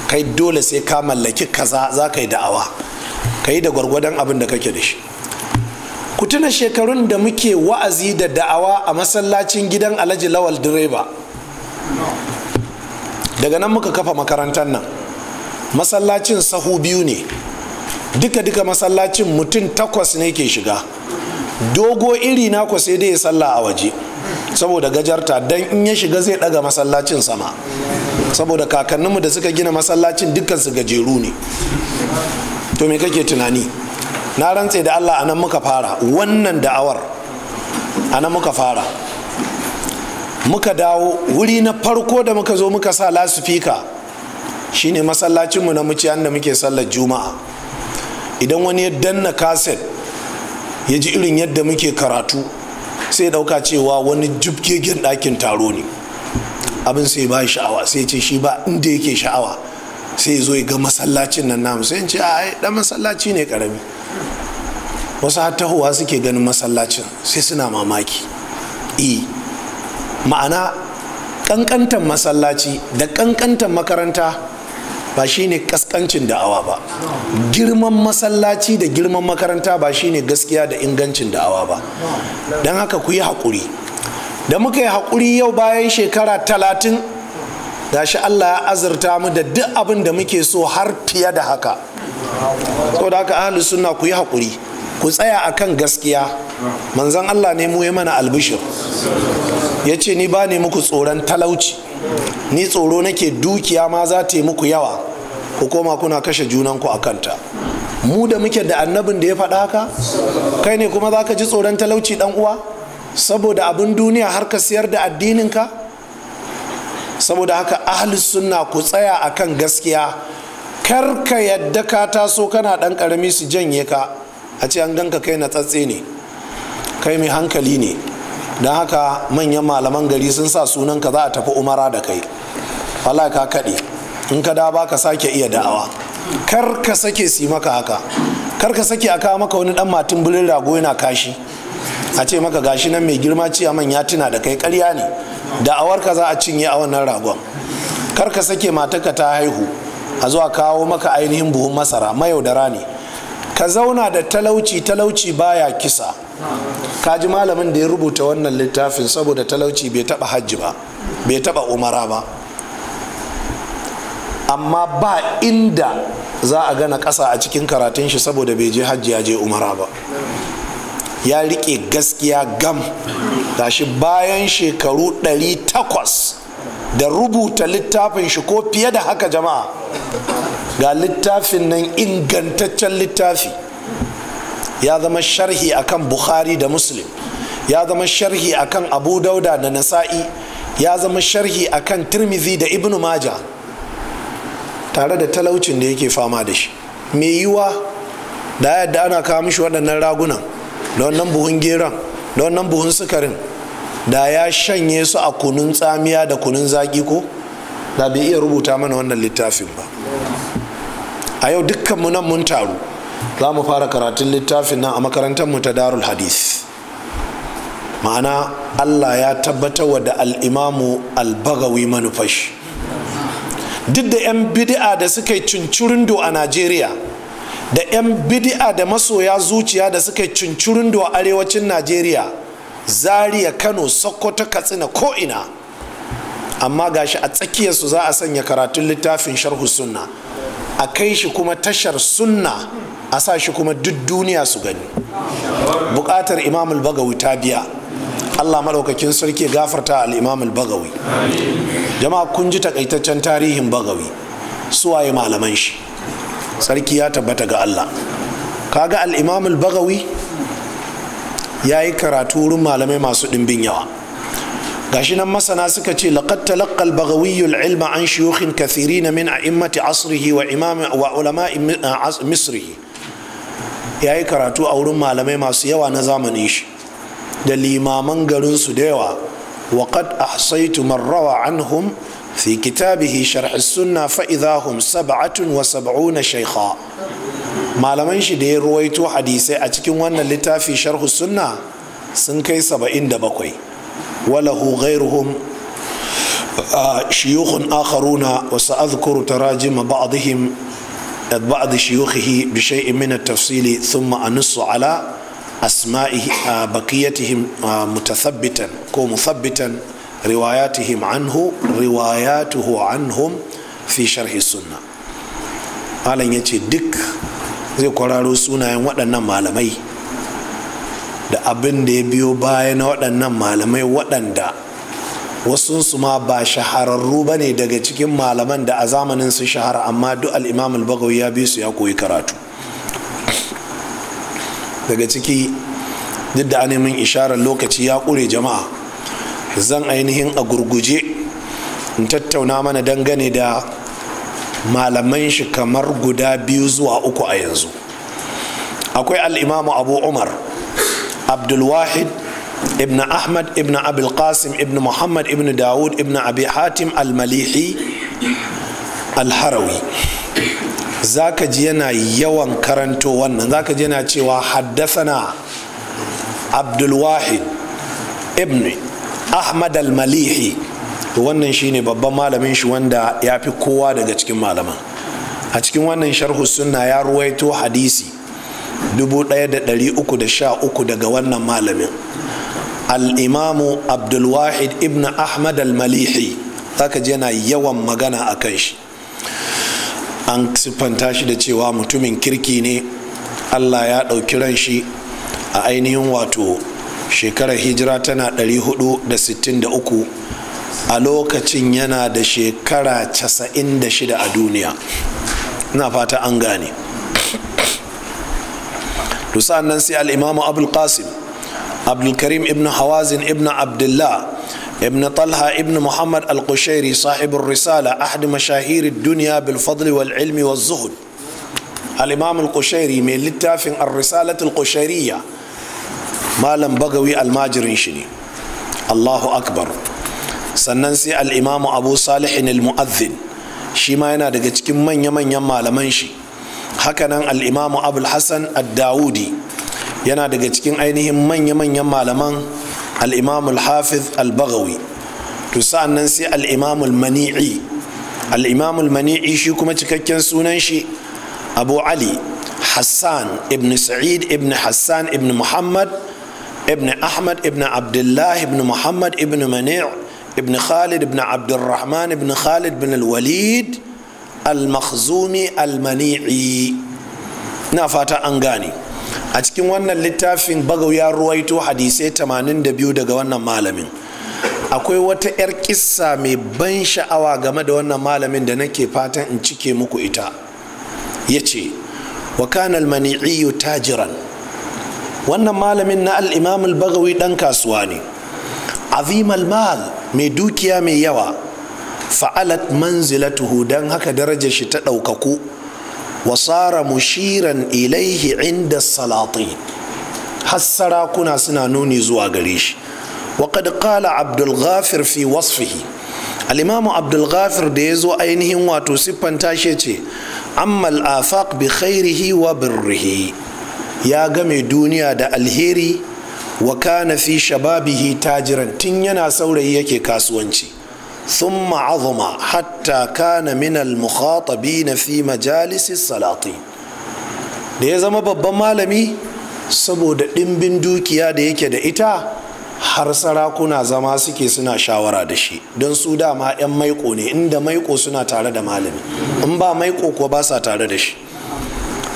kai dole sai ka mallaki kaza za ka yi da'awa ka yi da gwargwadon abin da kake da shi ku tuna shekarun da muke wa'azi da da'awa a masallacin gidan alhaji lawal direba daga nan muka kafa makarantar nan masallacin sahu biyu ne duka-duka masallacin mutum takwas ne ke shiga dogo iri na ku sai dai ya sallah a waje saboda gajarta dan in ya shiga zai daga masallacin sama saboda kakanninmu da suka gina masallacin dukkan su gajeru ne to me kake tunani na rantse da Allah anan muka fara wannan da'awar anan muka fara muka dawo wuri na farko da muka zo muka sa lasifika shine masallacinmu na muciyan da muke sallar juma'a idan wani ya danna kaset ya ji irin yadda muke karatu sai dauka cewa wani jibgegen ɗakin taro ne abin sai ba sha'awa sai ce shi ba inda yake sha'awa sai zo ga masallacin nan namu sai ce ai dan masallaci ne karami wasu tahowa suke ganin masallacin sai suna mamaki e ma'ana kankantan masallaci da kankantan makaranta ba shine kaskancin da'awa ba girman masallaci da girman makaranta ba shine gaskiya da ingancin da'awa ba don haka ku yi haƙuri da muka yi haƙuri yau bayan shekara talatin shi Allah ya azurta mu da duk abin da muke so har fiye da haka da haka ahlus suna ku yi haƙuri ku tsaya akan gaskiya manzon Allah ne mu ya mana albishir ya ce ni ba ne muku tsoron talauci ni tsoro nake dukiya ma za ta yi muku yawa ku koma kuna kashe junanku a kanta mu da muke da annabin da ya faɗa haka kai ne kuma za ka ji tsoron talauci ɗan uwa saboda abin duniya har ka siyar da addininka saboda haka ahli sunna ku tsaya akan gaskiya kar ka yadda ka taso kana ɗan ƙarami su janye ka a ce an ganka kai na tsatse ne kai mai hankali ne don haka manyan malaman gari sun sa sunan ka za a tafi umara da kai Allah ka kaɗe in ka da ba ka sake iya da'awa kar ka sake si maka haka kar ka sake a kawo maka wani dan matin bulin rago yana kashi a ce maka gashi nan mai girma ci man ya tuna da kai Ƙarya ne da'awar ka za a cinye a wannan ragon kar ka sake matarka ta haihu a zuwa kawo maka ainihin buhun masara mayaudara ne ka zauna da talauci talauci baya kisa ka ji malamin da ya rubuta wannan littafin saboda talauci bai taba hajji ba bai taba umara ba amma ba inda za a gana ƙasa a cikin karatun shi saboda bai je hajji ya je umara ba ya riƙe gaskiya gam gashi bayan shekaru 800 da rubuta littafin shi ko fiye da haka jama'a ga littafin nan ingantaccen littafi ya zama sharhi akan bukhari da muslim ya zama sharhi akan abu dauda da nasa'i ya zama sharhi akan tirmizi da Ibn maja tare da talaucin da yake fama da shi mai yiwa da yadda ana kawo mishi waɗannan ragunan da wannan buhun geron da wannan buhun sukarin da ya shanye su a kunun tsamiya da kunun zaƙi ko da bai iya rubuta mana wannan littafin ba a yau dukkan mu nan mun taru za mu fara karatun littafin nan a makarantar mu ta darul hadis ma'ana allah ya tabbatar wa da al'imamu albagawi manufashi duk da 'yan bid'a da suka yi do a najeriya da 'yan bid'a da masoya zuciya da suka yi do a arewacin najeriya zaria kano sokoto katsina ko'ina amma gashi a tsakiyarsu za a sanya karatun littafin sharhu sunna a kai shi kuma tashar sunna a sa shi kuma duk duniya su gani bukatar imam bagawi ta biya allah maɗaukakin sarki gafarta al bagawi jama'a kun ji takaitaccen tarihin bagawi suwaye malaman shi sarki ya tabbata ga allah kaga al-imam bagawi ya yi karatu wurin malamai masu ɗimbin yawa gashi nan masana suka ce laqad talaqqa al-baghawi al-ilma an shuyukhin kathirin min a'immati asrihi wa imam wa ulama misrihi yayi karatu a wurin malamai masu yawa na zamani shi da limaman garin su da yawa wa qad ahsaytu man rawa anhum fi kitabihi sharh as-sunna fa idahum sab'atun wa na shaykha malaman shi da ya ruwaito hadisai a cikin wannan littafi sharh sunna sun kai da bakwai. وله غيرهم آه، شيوخ آخرون وسأذكر تراجم بعضهم بعض شيوخه بشيء من التفصيل ثم أنص على أسماء آه، بقيتهم آه، متثبتا كومثبتا مثبتا رواياتهم عنه رواياته عنهم في شرح السنة قال يتي دك زي قرارو سنة ودنا malamai. da abin da ya biyo baya na waɗannan malamai waɗanda wasunsu ma ba shahararru ba ne daga cikin malaman da a zamanin su shahara amma duk al'imam al ya bi su ya koyi karatu daga ciki duk da anemin isharar lokaci ya ƙure jama'a zan ainihin a gurguje in tattauna mana dangane da malaman shi kamar guda biyu zuwa uku a yanzu akwai al'imamu abu umar abdulwahid ibn ahmad ibn abil qasim ibn muhammad ibn dawud ibn abi hatim al-malihi al-harawi ka ji yana yawan karanto wannan ka ji yana cewa haddasana abdulwahid ibn ahmad al-malihi wannan shine babban malamin shi wanda ya fi kowa daga cikin malaman a cikin wannan sharhu sunna ya ruwaito hadisi 1313 daga wannan malamin al'imamu abdulwahid ibn ahmad al-malihi zaka ji yana yawan magana a kan shi an siffanta shi da cewa mutumin kirki ne allah ya ɗauki ran shi a ainihin wato shekarar hijira tana 463 a lokacin yana da shekara 96 a duniya na fata an gane to sa'an nan sai al'imamu abulkasim abdulkarim ibn hawazin ibn abdullah ibn talha ibn muhammad al-qushairi sahibin risala ahad mashahiri duniya bil fadli wal ilmi wal zuhud al al mai littafin ar-risalat al malam bagawi almajirin shi ne allahu akbar sannan sai alimamu abu salih al-mu'adhdhin shi ma yana daga cikin manya-manyan malaman shi hakanan al'imamu abul hassan dawudi yana daga cikin ainihin manya-manyan malaman al'imamu al-hafiz al al-bagawi to sa'an sai al'imamu al-mani'i al'imamu al-mani'i shi kuma cikakken sunan shi abu ali hassan ibn sa'id ibn hassan ibn muhammad ibn ahmad ibn abdullah ibn muhammad ibn mani’i ibn khalid ibn abdurrahman ibn khalid ibn al-walid al-makhzumi al na fata an gane a cikin wannan littafin bagau ya ruwaito hadisai 82 daga wannan malamin akwai wata 'yar kissa mai ban sha'awa game da wannan malamin da nake fatan in cike muku ita ya ce wa kanal mani'iyu tajiran wannan malamin na al bagawi dan kasuwa ne azimal mal mai dukiya mai yawa fa’alat manzilatuhu don haka darajar shi ta ɗaukaku wasara mushiran ilaihi inda salatin hassara kuna suna nuni zuwa gare shi waƙad ƙala abdulghafir fi wasfihi al’imamu abdulghafir da ya zo ainihin wato Siffan tashe ce ammal afak bi khairihi wa birrihi ya game duniya da alheri wa kana fi shababihi tajiran tun yana saurayi yake kasuwanci ثم عظم حتى كان من المخاطبين في مجالس السلاطين da ya zama babban malami saboda ɗimbin dukiya da yake da ita har sarakuna zama suke suna shawara da shi don su dama 'yan maiko ne inda maiko suna tare da malami in ba maiko ko ba sa tare da shi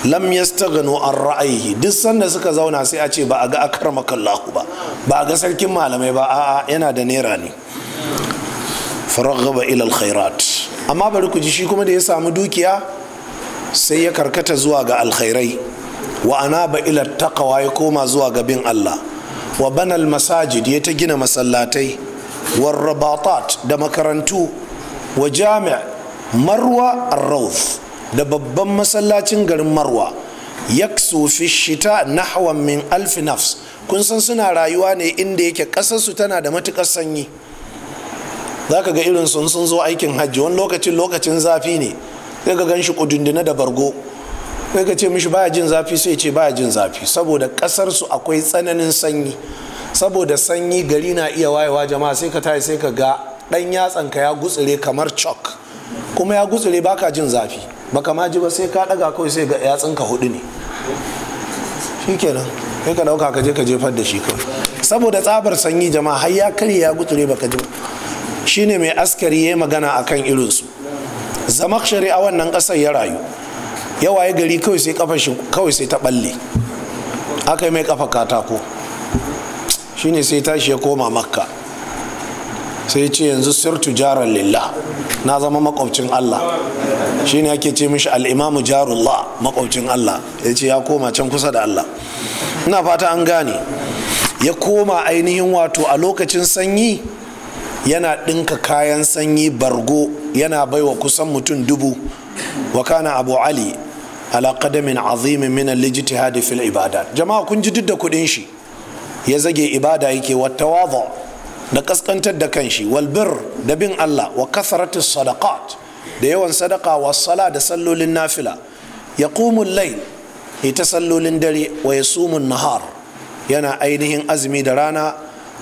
lam yastaghnu an ra'ayi duk sanda suka zauna sai a ce ba a ga akarmakallahu ba ba a ga sarkin malamai ba a'a yana da nera ne faragaba ila alkhairat amma bari ku ji shi kuma da ya samu dukiya sai ya karkata zuwa ga alkhairai wa anaba ila taqwa ya koma zuwa ga bin Allah wa banal masajid ya ta gina masallatai Warrabatat rabatat da makarantu wa jami' marwa ar-rawf da babban masallacin garin marwa yaksu fi shita nahwan min alfinafs, nafs kun san suna rayuwa ne inda yake kasarsu tana da matukar sanyi za ka ga irin sun sun zo aikin hajji wani lokacin lokacin zafi ne sai ka gan shi kudundune da bargo sai ka ce mishi baya jin zafi sai ce baya jin zafi saboda kasar su akwai tsananin sanyi saboda sanyi gari na iya wayewa jama'a sai ka tayi sai ka ga dan yatsan ka ya gutsire kamar chok kuma ya gutsire baka jin zafi baka ma ji ba sai ka daga kawai sai ga yatsun ka hudu ne shikenan sai ka dauka ka je ka jefar da shi kawai saboda tsabar sanyi jama'a har ya kare ya gutsire baka ji shine mai askari ya magana a kan irinsu zama shari'a wannan ƙasar ya rayu yawa ya gari kawai sai shi kawai sai ta ɓalle aka yi mai kafa katako shine sai tashi ya koma makka sai ce yanzu sirtu jaran lillah na zama makwabcin Allah shine ake ce mishi al'imamu jarullah makwabcin Allah ya ce ya koma can kusa da Allah ina fata an gane ya koma ainihin wato a lokacin sanyi yana ɗinka kayan sanyi bargo yana baiwa kusan mutum dubu wa kana abu ali ala qadamin azimin min al-ijtihad fil ibadat jama'a kun ji duk da kuɗin shi ya zage ibada yake wa tawadhu da kaskantar da kanshi wal bir da bin Allah wa kasratis sadaqat da yawan sadaka wa sala da sallolin nafila yaqumu al-layl ita sallolin dare wa yasumu nahar yana ainihin azumi da rana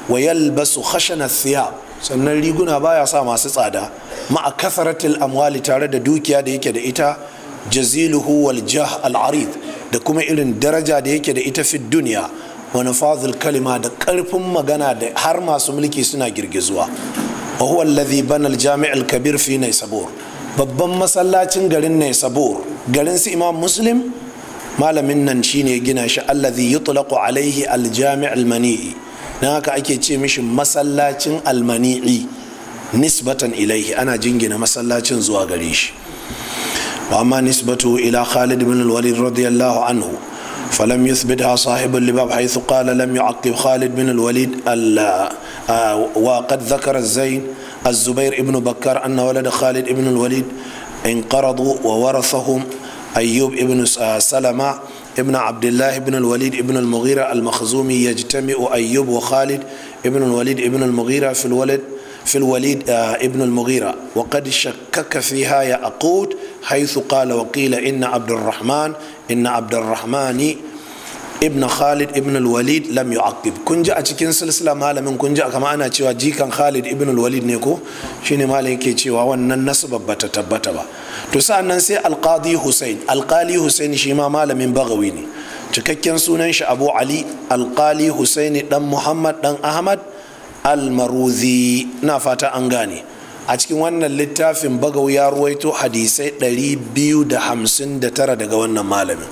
wa yalbasu khashana thiyab sannan riguna ba ya sa masu tsada ma'a kasaratil amwali tare da dukiya da yake da ita jaziluhu wal jah al da kuma irin daraja da yake da ita fi duniya wani fazil kalima da karfin magana da har masu mulki suna girgizuwa wa huwa alladhi bana al kabir fi naysabur babban masallacin garin naysabur garin su imam muslim malamin nan shine gina shi alladhi yutlaqu alaihi al jami' mani'i don haka ake ce mishi masallacin almani'i nisbatan ilaihi ana jingina masallacin zuwa gare shi wa amma nisbatu ila khalid bin al-walid radiyallahu anhu falam yuthbitha ha al-libab haythu qala lam yu'aqqib khalid bin al Allah, wa qad dhakara zain الزبير ابن بكر أن ولد خالد ابن الوليد انقرضوا وورثهم Ayyub Ibn Salama. ابن عبد الله ابن الوليد ابن المغيرة المخزومي يجتمع أيوب وخالد ابن الوليد ابن المغيرة في الولد في الوليد آه، ابن المغيرة وقد شكك فيها يا أقود حيث قال وقيل إن عبد الرحمن إن عبد الرحمن ibn khalid ibn walid lam yu'aqib kun ji a cikin silsila malamin kun ji kama ana cewa jikan khalid ibn walid ne ko shine malamin yake cewa wannan nasu bata tabbata ba to sa'annan sai alqadi husain alqali husain shi ma malamin bagawi ne cikakken sunan shi abu ali alqali husaini dan muhammad dan ahmad almaruzi na fata an gane a cikin wannan littafin bagawi ya ruwaito hadisai 259 daga wannan malamin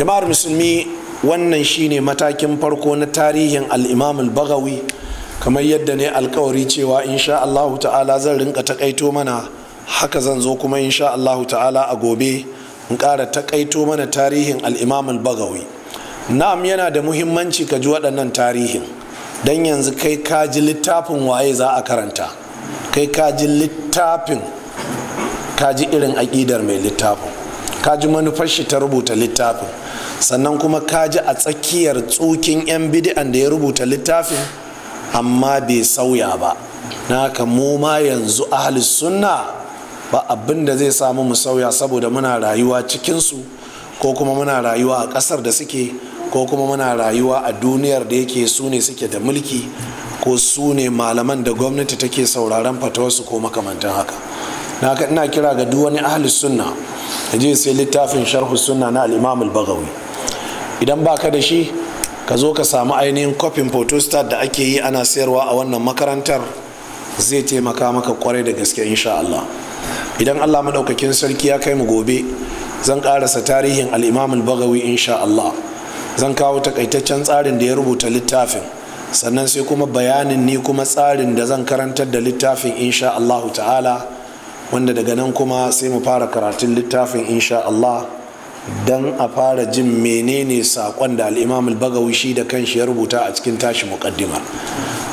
jama'ar musulmi wannan shine matakin farko na tarihin al bagawi kamar yadda ne alkawari cewa insha Allahu ta'ala zan rinka takaito mana haka zan zo kuma insha Allahu ta'ala a gobe in ƙara takaito mana tarihin al bagawi. al na'am yana da muhimmanci ka ji waɗannan tarihin Dan yanzu kai kaji littafin waye za a karanta kai kaji littafin kaji irin aƙidar mai littafin kaji manufar shi ta rubuta littafin sannan kuma kaji a tsakiyar tsukin 'yan bidi'an da ya rubuta littafin amma bai sauya ba na haka mu ma yanzu ahli sunna ba abin da zai samu mu sauya saboda muna rayuwa cikinsu ko kuma muna rayuwa a ƙasar da suke ko kuma muna rayuwa a duniyar da yake su ne suke da mulki ko su ne malaman da gwamnati take sauraron fatawarsu ko makamantan haka ina kira ga duk wani ahli sunna je sai littafin sharhu sunna na al'imamul imam idan baka da shi ka zo ka samu ainihin kofin photostat da ake yi ana sayarwa a wannan makarantar zai taimaka maka kwarai da gaske insha Allah idan Allah maɗaukakin sarki ya kai mu gobe zan ƙarasa tarihin al-imam al-bagawi insha Allah zan kawo takaitaccen tsarin da ya rubuta littafin sannan sai kuma bayanin ni kuma tsarin da zan karantar da littafin insha Allah ta'ala wanda daga nan kuma sai mu fara karatun littafin insha Allah don a fara jin menene sakon da al'imam al shi da kanshi ya rubuta a cikin tashi mukaddima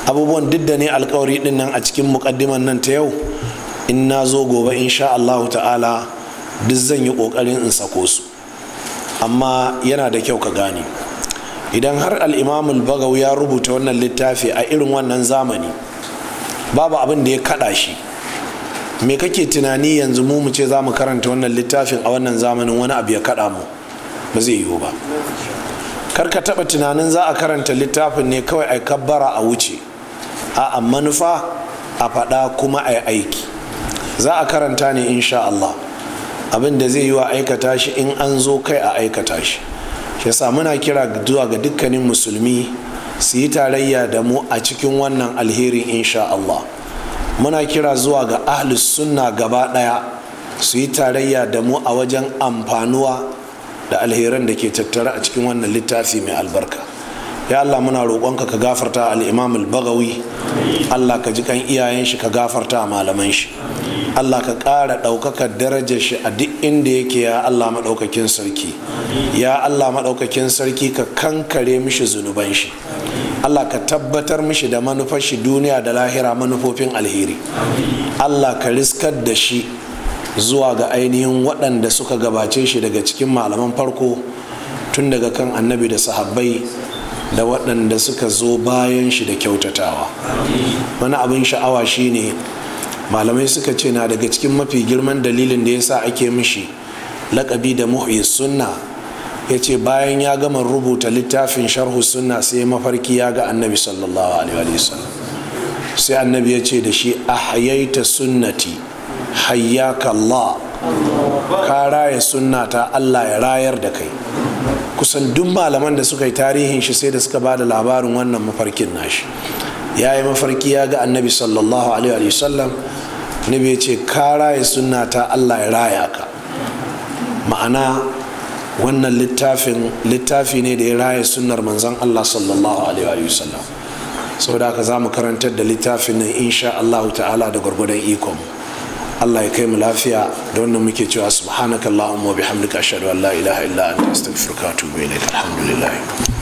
abubuwan duk da ne alkawari din nan a cikin mukaddiman nan ta yau in na zo gobe insha Allah ta'ala duk zan yi ƙoƙarin in sako su amma yana da kyau ka gane idan har al'imam al ya rubuta wannan littafi a irin wannan zamani babu abin da ya kaɗa shi me kake tunani yanzu mu mu ce za mu karanta wannan littafin a wannan zamanin wani abu ya kaɗa mu ba zai yiwu ba kar ka taɓa tunanin za a karanta littafin ne kawai a kabbara a wuce a manufa a faɗa kuma a aiki za a karanta ne insha Allah abin da zai yi wa aikata shi in an zo kai a aikata shi shi yasa muna kira zuwa ga dukkanin musulmi su yi tarayya da mu a cikin wannan alherin insha Allah muna kira zuwa ga ahli sunna gaba ɗaya su yi tarayya da mu a wajen amfanuwa da alheran da ke tattara a cikin wannan littafi mai albarka ya Allah muna roƙonka ka gafarta al-imam al-bagawi Allah ka ji kan iyayen shi ka gafarta malaman shi Allah ka ƙara ɗaukakar darajar shi a duk inda yake ya Allah maɗaukakin sarki ya Allah maɗaukakin sarki ka kankare mishi zunuban shi Allah ka tabbatar mishi da manufar shi duniya da lahira manufofin alheri Allah ka riskar da shi zuwa ga ainihin waɗanda suka gabace shi daga cikin malaman farko tun daga kan annabi da sahabbai da waɗanda suka zo bayan shi da kyautatawa wani abin sha'awa shine malamai suka ce na daga cikin mafi girman dalilin da ya sa ake mishi lakabi da muhyi sunna ya ce bayan ya gama rubuta littafin sharhu sunna sai mafarki ya ga annabi sallallahu alaihi wasallam sai annabi ya ce da shi ahyaita sunnati hayyaka Allah ka raya ta Allah ya rayar da kai kusan duk malaman da suka yi tarihin shi sai da suka ba da labarin wannan mafarkin nashi ya yi mafarki ya ga annabi sallallahu alaihi wasallam annabi ya ce ka raya sunna ta Allah ya raya ka ma'ana wannan littafin littafi ne da ya raya sunnar manzon Allah sallallahu alaihi wasallam Sau saboda haka za mu karantar da littafin nan insha Allah ta'ala da gwargwadon ikon Allah ya kai mu lafiya da wannan muke cewa subhanakallahumma wa bihamdika ashhadu an la ilaha illa anta astaghfiruka wa atubu ilaik alhamdulillah